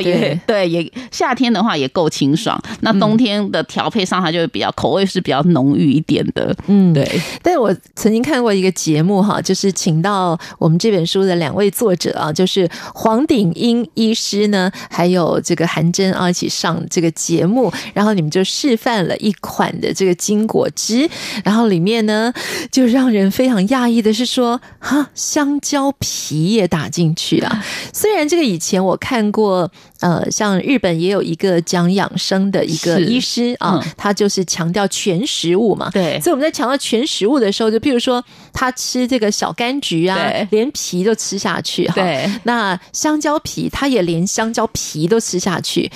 對對也，夏天的話也夠清爽。那冬天的調配上，它就會比較口味是比較濃郁。一點的，嗯，對。但我曾經看過一個節目哈，就是請到我們這本書的兩位作者啊，就是黃鼎英醫師呢，還有這個韓真啊，一起上這個節目，然後你們就示範了一款的這個金果汁，然後裡面呢就讓人非常訝異的是說，哈、啊，香蕉皮也打進去啊！雖然這個以前我看過。呃，像日本也有一個講養生的一個醫師、嗯、啊，他就是強調全食物嘛。對，所以我們在強調全食物的時候，就譬如說他吃這個小柑橘啊，對連皮都吃下去哈。對，那香蕉皮他也連香蕉皮都吃下去，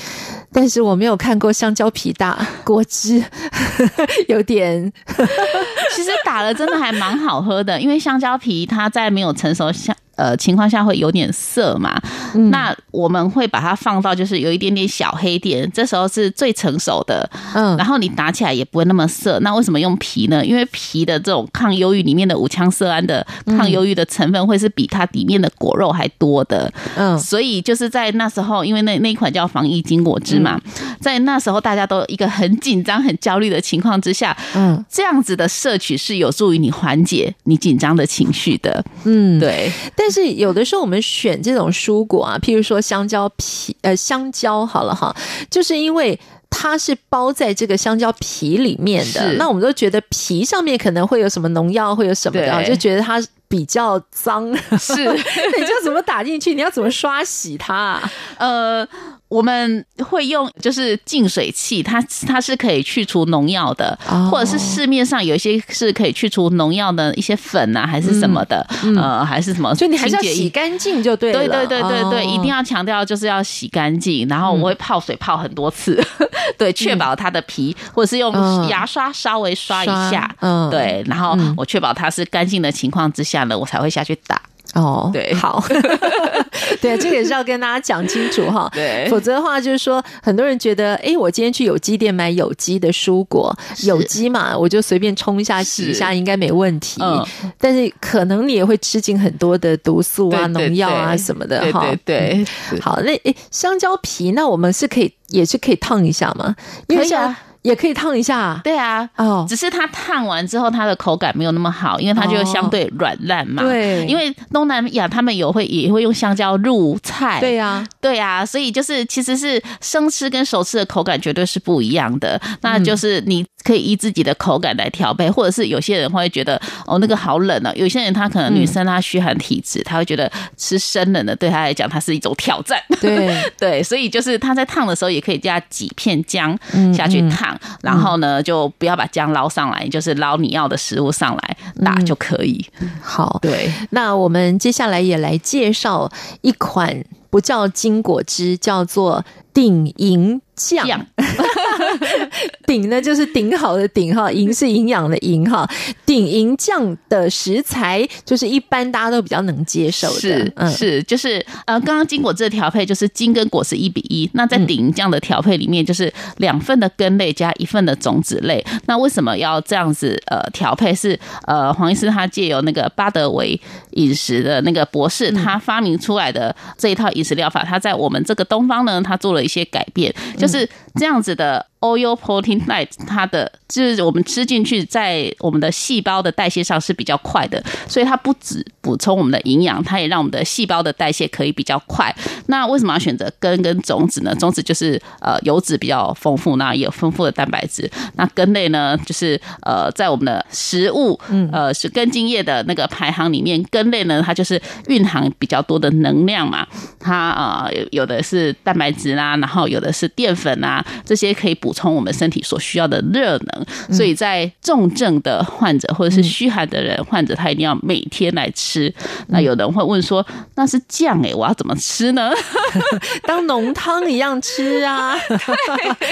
但是我沒有看過香蕉皮打果汁， <laughs> 有點 <laughs> 其實打了真的還蠻好喝的， <laughs> 因為香蕉皮它在沒有成熟香。呃，情況下會有點澀嘛，嗯。那我們會把它放到就是有一點點小黑點，這時候是最成熟的。嗯，然後你打起來也不會那麼澀。那為什麼用皮呢？因為皮的這種抗憂鬱裡面的五羥色胺的抗憂鬱的成分會是比它底面的果肉還多的。嗯，所以就是在那時候，因為那那一款叫防疫金果汁嘛，嗯，在那時候大家都一個很緊張、很焦慮的情況之下，嗯，這樣子的攝取是有助於你緩解你緊張的情緒的。嗯，對，但。就是有的時候我們選這種蔬果啊，譬如說香蕉皮，呃，香蕉好了哈，就是因為它是包在這個香蕉皮裡面的，那我們都覺得皮上面可能會有什麼農藥，會有什麼的，就覺得它比較髒，是你要 <laughs> 怎麼打進去？你要怎麼刷洗它啊？ <laughs> 呃。我們會用就是淨水器，它它是可以去除農藥的，oh. 或者是市面上有一些是可以去除農藥的一些粉啊，還是什麼的，mm. 呃，還是什麼，所以你還是要洗乾淨就對了。對對對對對，oh. 一定要強調就是要洗乾淨，然後我會泡水泡很多次，mm. <laughs> 對，確保它的皮，mm. 或者是用牙刷稍微刷一下，嗯、uh.，對，然後我確保它是乾淨的情況之下呢，我才會下去打。哦、oh,，對，好， <laughs> 對，這個也是要跟大家講清楚哈， <laughs> 對，否則的話就是說，很多人覺得，哎、欸，我今天去有機店買有機的蔬果，有機嘛，我就隨便沖一下洗一下應該沒問題，嗯，但是可能你也會吃進很多的毒素啊、農藥啊什麼的哈。對，對，對，對，嗯，好，那、欸、香蕉皮那我們是可以也是可以燙一下嗎？可以啊。也可以燙一下，對啊，哦、oh.，只是它燙完之後，它的口感沒有那麼好，因為它就相對軟爛嘛。Oh. 對，因為東南亞他們有會也會用香蕉入菜，對呀、啊，對呀、啊，所以就是其實是生吃跟熟吃的口感絕對是不一樣的，嗯、那就是你。可以依自己的口感來調配，或者是有些人會覺得哦，那個好冷啊。有些人他可能女生她虛寒體質、嗯，他會覺得吃生冷的對他來講，它是一種挑戰。對 <laughs> 對，所以就是他在燙的時候也可以加幾片薑下去燙，嗯嗯，然後呢就不要把薑撈上來，就是撈你要的食物上來打就可以、嗯。好，對，那我們接下來也來介紹一款不叫金果汁，叫做定銀醬。醬 <laughs> 頂呢就是頂好的頂哈，營是營養的營哈，頂營醬的食材就是一般大家都比較能接受的，嗯是，是是就是呃，剛剛金果這調配就是金跟果是一比一，那在頂營醬的調配裡面就是兩份的根類加一份的種子類，嗯，那為什麼要這樣子呃調配是？是呃黃醫師他借由那個巴德維飲食的那個博士他發明出來的這一套飲食療法，嗯，他在我們這個東方呢，他做了一些改變，就是這樣子的。Oil Protein Diet，它的就是我們吃進去，在我們的細胞的代謝上是比較快的，所以它不只補充我們的營養，它也讓我們的細胞的代謝可以比較快。那為什麼要選擇根跟種子呢？種子就是呃油脂比較豐富，那也有豐富的蛋白質。那根類呢，就是呃在我們的食物，呃是根莖葉的那個排行裡面，根類呢它就是蘊含比較多的能量嘛。它啊、呃、有的是蛋白質啦、啊，然後有的是澱粉啊，這些可以補。補充我們身體所需要的熱能，嗯，所以在重症的患者或者是虛寒的人患者，他一定要每天來吃，嗯。那有人會問說：“那是醬哎、欸，我要怎麼吃呢？”當濃湯一樣吃啊，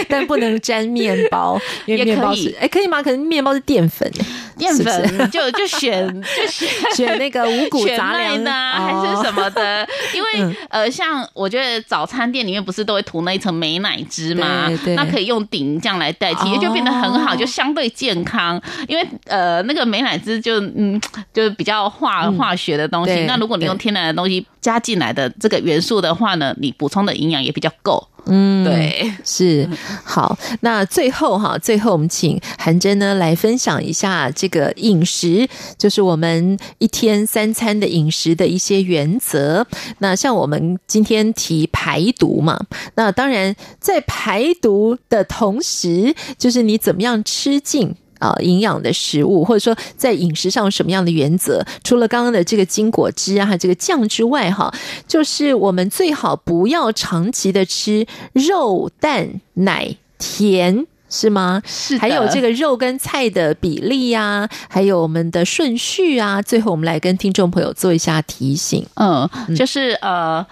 但不能沾麵包，包，也可以，麵包是哎，欸，可以嗎？可是麵包是澱粉，澱粉是是就就選就選選那個五穀雜糧呢、哦，還是什麼的？因為、嗯、呃，像我覺得早餐店裡面不是都會塗那一層美奶汁嗎？那可以用。頂這樣來代替，也就變得很好，哦、就相對健康。因為呃，那個美乃滋就嗯，就是比較化化學的東西。那、嗯、如果你用天然的東西加進來的這個元素的話呢，你補充的營養也比較夠。嗯，對，是，好。那最後哈，最後我們請韓真呢來分享一下這個飲食，就是我們一天三餐的飲食的一些原則。那像我們今天提排毒嘛，那當然在排毒的同時，就是你怎麼樣吃進。啊、呃，營養的食物，或者說在飲食上什麼樣的原則？除了剛剛的這個金果汁啊，這個醬之外，哈，就是我們最好不要長期的吃肉、蛋、奶、甜，是嗎？是的。還有這個肉跟菜的比例呀、啊，還有我們的順序啊。最後，我們來跟聽眾朋友做一下提醒。嗯，嗯就是呃。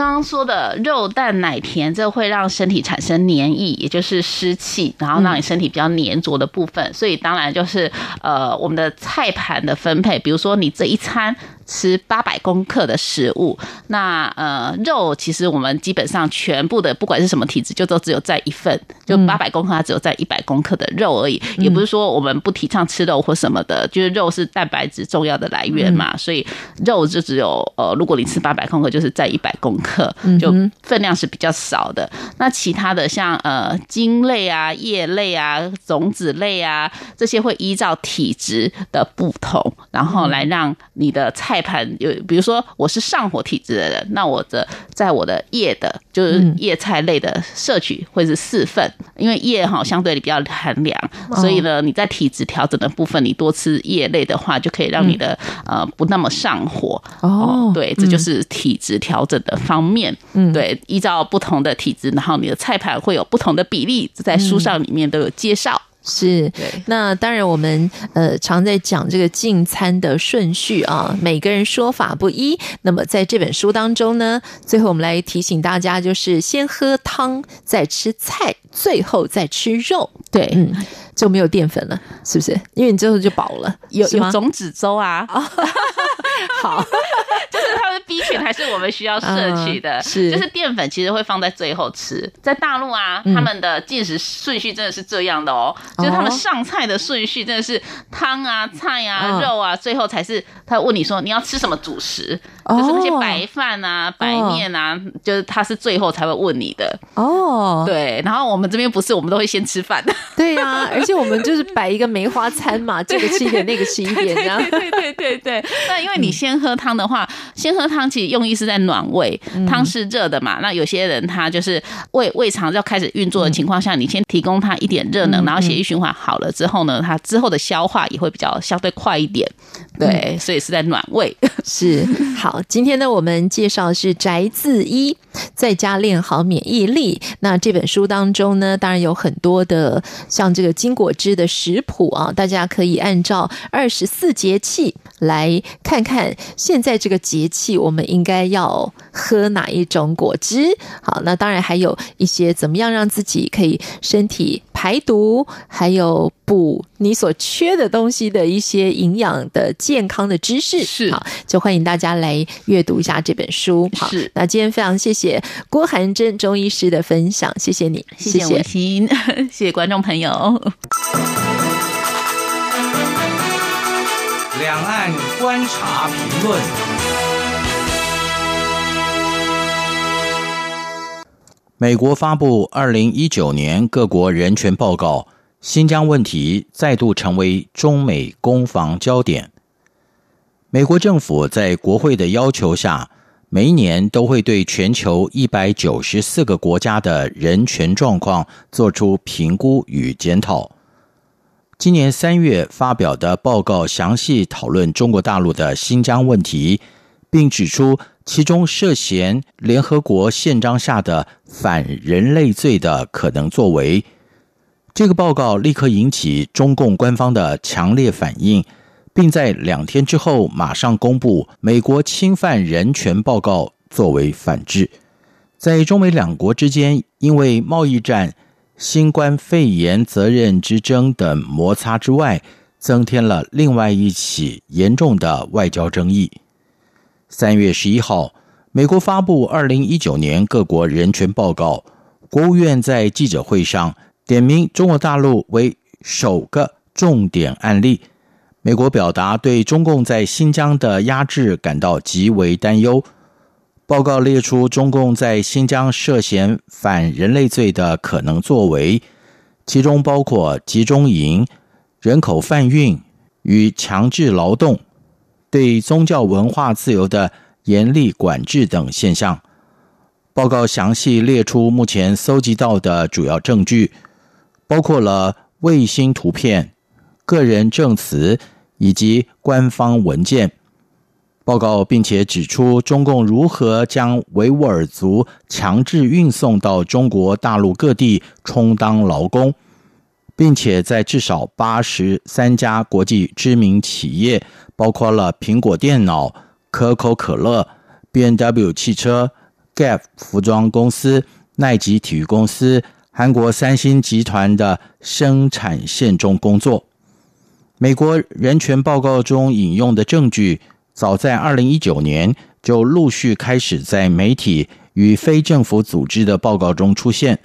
剛剛說的肉、蛋、奶、甜，這會讓身體產生黏液，也就是濕氣，然後讓你身體比較黏着的部分。嗯。所以當然就是呃，我們的菜盤的分配，比如說你這一餐，吃八百公克的食物，那呃肉其實我們基本上全部的不管是什麼體質，就都只有在一份，嗯、就八百公克它只有在一百公克的肉而已，嗯，也不是說我們不提倡吃肉或什麼的，就是肉是蛋白質重要的來源嘛，嗯、所以肉就只有呃如果你吃八百公克就是在一百公克，就分量是比較少的。嗯、那其他的像呃莖類啊、葉類啊、種子類啊這些，會依照體質的不同，然後來讓你的菜。盤有，比如說我是上火體質的人，那我的在我的葉的，就是葉菜類的攝取會是四份，嗯、因為葉哈相對比較寒涼、哦，所以呢，你在體質調整的部分，你多吃葉類的話，就可以讓你的、嗯、呃不那麼上火。哦，對，這就是體質調整的方面、嗯。對，依照不同的體質，然後你的菜盤會有不同的比例，在書上裡面都有介紹。嗯是，那當然，我們呃常在講這個進餐的順序啊，每個人說法不一。那麼在這本書當中呢，最後我們來提醒大家，就是先喝湯，再吃菜，最後再吃肉。對，嗯。就沒有澱粉了，是不是？因為你最後就飽了，有有種子粥啊。好， <laughs> 就是他們 B 群還是我們需要攝取的，嗯、是就是澱粉其實會放在最後吃。在大陸啊，他們的進食順序真的是這樣的哦、喔嗯，就是他們上菜的順序真的是湯啊、菜啊、肉啊、嗯，最後才是他問你說你要吃什麼主食。就是那些白飯啊、oh, 白麵啊，oh. 就是他是最後才會問你的哦。Oh. 對，然後我們這邊不是，我們都會先吃飯。對呀、啊， <laughs> 而且我們就是擺一個梅花餐嘛， <laughs> 這個吃一點、點，那個吃一點，然後對對對對、對。 <laughs> 那因為你先喝湯的話，嗯、先喝湯其實用意是在暖胃，湯、嗯、是熱的嘛。那有些人他就是胃胃腸要開始運作的情況下、嗯，你先提供他一點熱能嗯嗯，然後血液循環好了之後呢，他之後的消化也會比較相對快一點、嗯。對，所以是在暖胃是好。 <laughs> 今天呢，我們介紹的是宅自醫，在家練好免疫力。那這本書當中呢，當然有很多的像這個金果汁的食譜啊，大家可以按照二十四節氣來看看，現在這個節氣我們應該要喝哪一種果汁？好，那當然還有一些怎麼樣讓自己可以身體排毒，還有補你所缺的東西的一些營養的健康的知識。是，好，就歡迎大家來閱讀一下這本書。好，那今天非常謝謝。謝郭含珍中醫師的分享，謝謝你，謝謝我聽，謝謝觀眾朋友。兩岸觀察評論，美國發布二零一九年各國人權報告，新疆問題再度成為中美攻防焦點。美國政府在國會的要求下。每一年都會對全球一百九十四個國家的人權狀況做出評估與檢討。今年三月發表的報告詳細討論中國大陸的新疆問題，並指出其中涉嫌聯合國憲章下的反人類罪的可能作為。這個報告立刻引起中共官方的強烈反應，並在兩天之後馬上公布美國侵犯人權報告作為反制，在中美兩國之間，因為貿易戰、新冠肺炎責任之爭等摩擦之外，增添了另外一起嚴重的外交爭議。三月十一號，美國發布二零一九年各國人權報告，國務院在記者會上點名中國大陸為首個重點案例。美國表達對中共在新疆的壓制感到極為擔憂。報告列出中共在新疆涉嫌反人類罪的可能作為，其中包括集中營、人口販運與強制勞動、對宗教文化自由的嚴厲管制等現象。報告詳細列出目前蒐集到的主要證據，包括了衛星圖片。個人證詞以及官方文件報告，並且指出中共如何將維吾爾族強制運送到中國大陸各地充當勞工，並且在至少八十三家國際知名企業，包括了蘋果電腦、可口可樂、BMW 汽車、GAP 服裝公司、耐吉體育公司、韓國三星集團的生產線中工作。美國人權報告中引用的證據，早在二零一九年就陸續開始在媒體與非政府組織的報告中出現。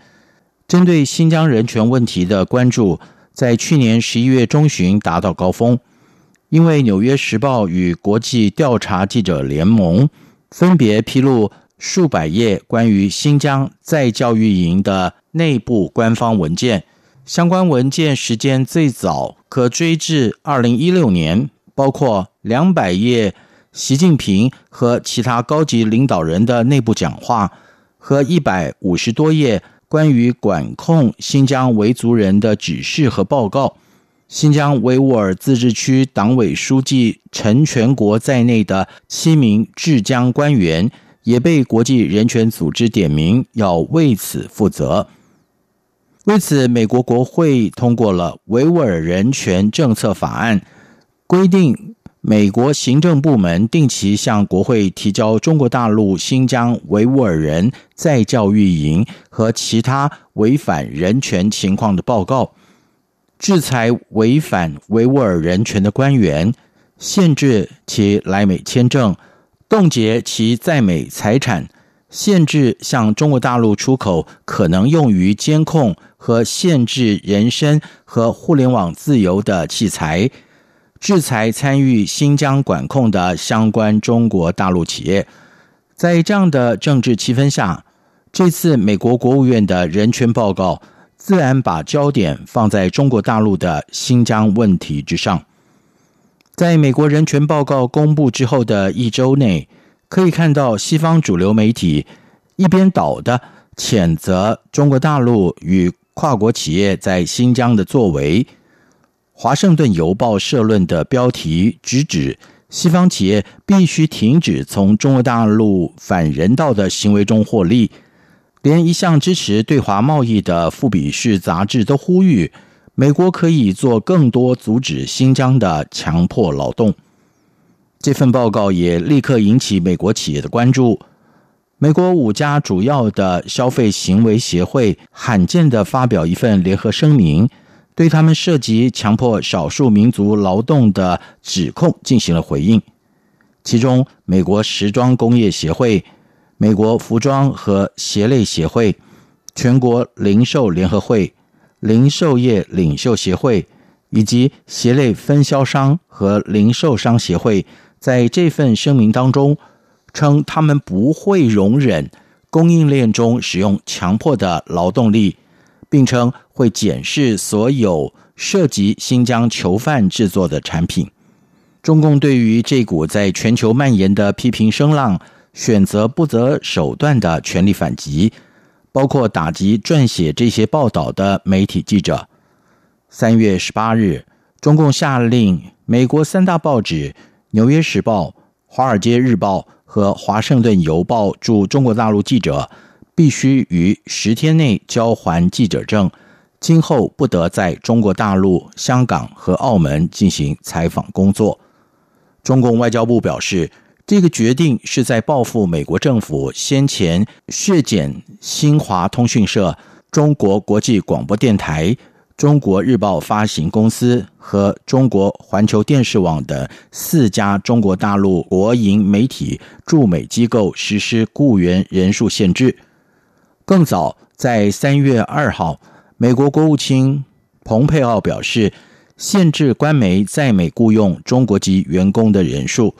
針對新疆人權問題的關注，在去年十一月中旬達到高峰，因為《紐約時報》與國際調查記者聯盟分別披露數百頁關於新疆再教育營的內部官方文件。相關文件時間最早可追至二零一六年，包括兩百頁習近平和其他高級領導人的內部講話，和一百五十多頁關於管控新疆維族人的指示和報告。新疆維吾爾自治區黨委書記陳全國在內的七名治疆官員也被國際人權組織點名要為此負責。為此，美國國會通過了《維吾爾人權政策法案》，規定美國行政部門定期向國會提交中國大陸新疆維吾爾人再教育營和其他違反人權情況的報告，制裁違反維吾爾人權的官員，限制其來美簽證，凍結其在美財產。限制向中國大陸出口可能用於監控和限制人身和互聯網自由的器材，制裁參與新疆管控的相關中國大陸企業。在這樣的政治氣氛下，這次美國國務院的人權報告自然把焦點放在中國大陸的新疆問題之上。在美國人權報告公布之後的一周內，可以看到，西方主流媒體一邊倒的譴責中國大陸與跨國企業在新疆的作為。《華盛頓郵報》社論的標題直指西方企業必須停止從中國大陸反人道的行為中獲利。連一向支持對華貿易的《富比士》雜誌都呼籲，美國可以做更多阻止新疆的強迫勞動。這份報告也立刻引起美國企業的關注。美國五家主要的消費行為協會罕見地發表一份聯合聲明，對他們涉及強迫少數民族勞動的指控進行了回應。其中，美國時裝工業協會、美國服裝和鞋類協會、全國零售聯合會、零售業領袖協會以及鞋類分銷商和零售商協會。在這份聲明當中，稱他們不會容忍供應鏈中使用強迫的勞動力，並稱會檢視所有涉及新疆囚犯制作的產品。中共對於這股在全球蔓延的批評聲浪，選擇不擇手段的全力反擊，包括打擊撰寫這些報道的媒體記者。三月十八日，中共下令美國三大報紙。《紐約時報》、《華爾街日報》和《華盛頓郵報》駐中國大陸記者必須於十天內交還記者證，今後不得在中國大陸、香港和澳門進行採訪工作。中共外交部表示，這個決定是在報復美國政府先前削減新華通訊社、中國國際廣播電臺。中國日報發行公司和中國環球電視網的四家中國大陸國營媒體駐美機構實施僱員人數限制。更早在三月二號，美國國務卿蓬佩奧表示，限制官媒在美僱傭中國籍員工的人數，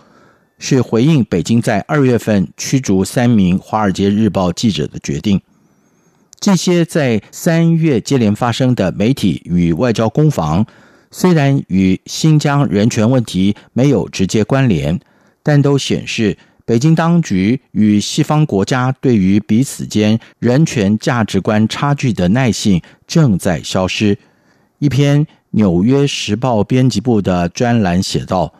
是回應北京在二月份驅逐三名《華爾街日報》記者的決定。這些在三月接連發生的媒體與外交攻防，雖然與新疆人權問題沒有直接關聯，但都顯示北京當局與西方國家對於彼此間人權價值觀差距的耐性正在消失。一篇《紐約時報》編輯部的專欄寫道：“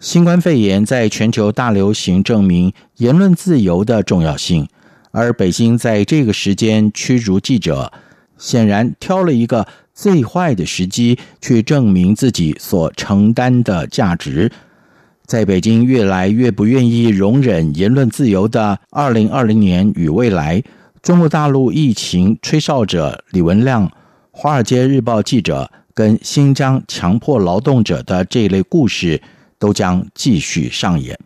新冠肺炎在全球大流行，證明言論自由的重要性。”而北京在這個時間驅逐記者，顯然挑了一個最壞的時機去證明自己所承擔的價值。在北京越來越不願意容忍言論自由的2020年與未來，中國大陸疫情吹哨者李文亮、華爾街日報記者跟新疆強迫勞動者的這類故事，都將繼續上演。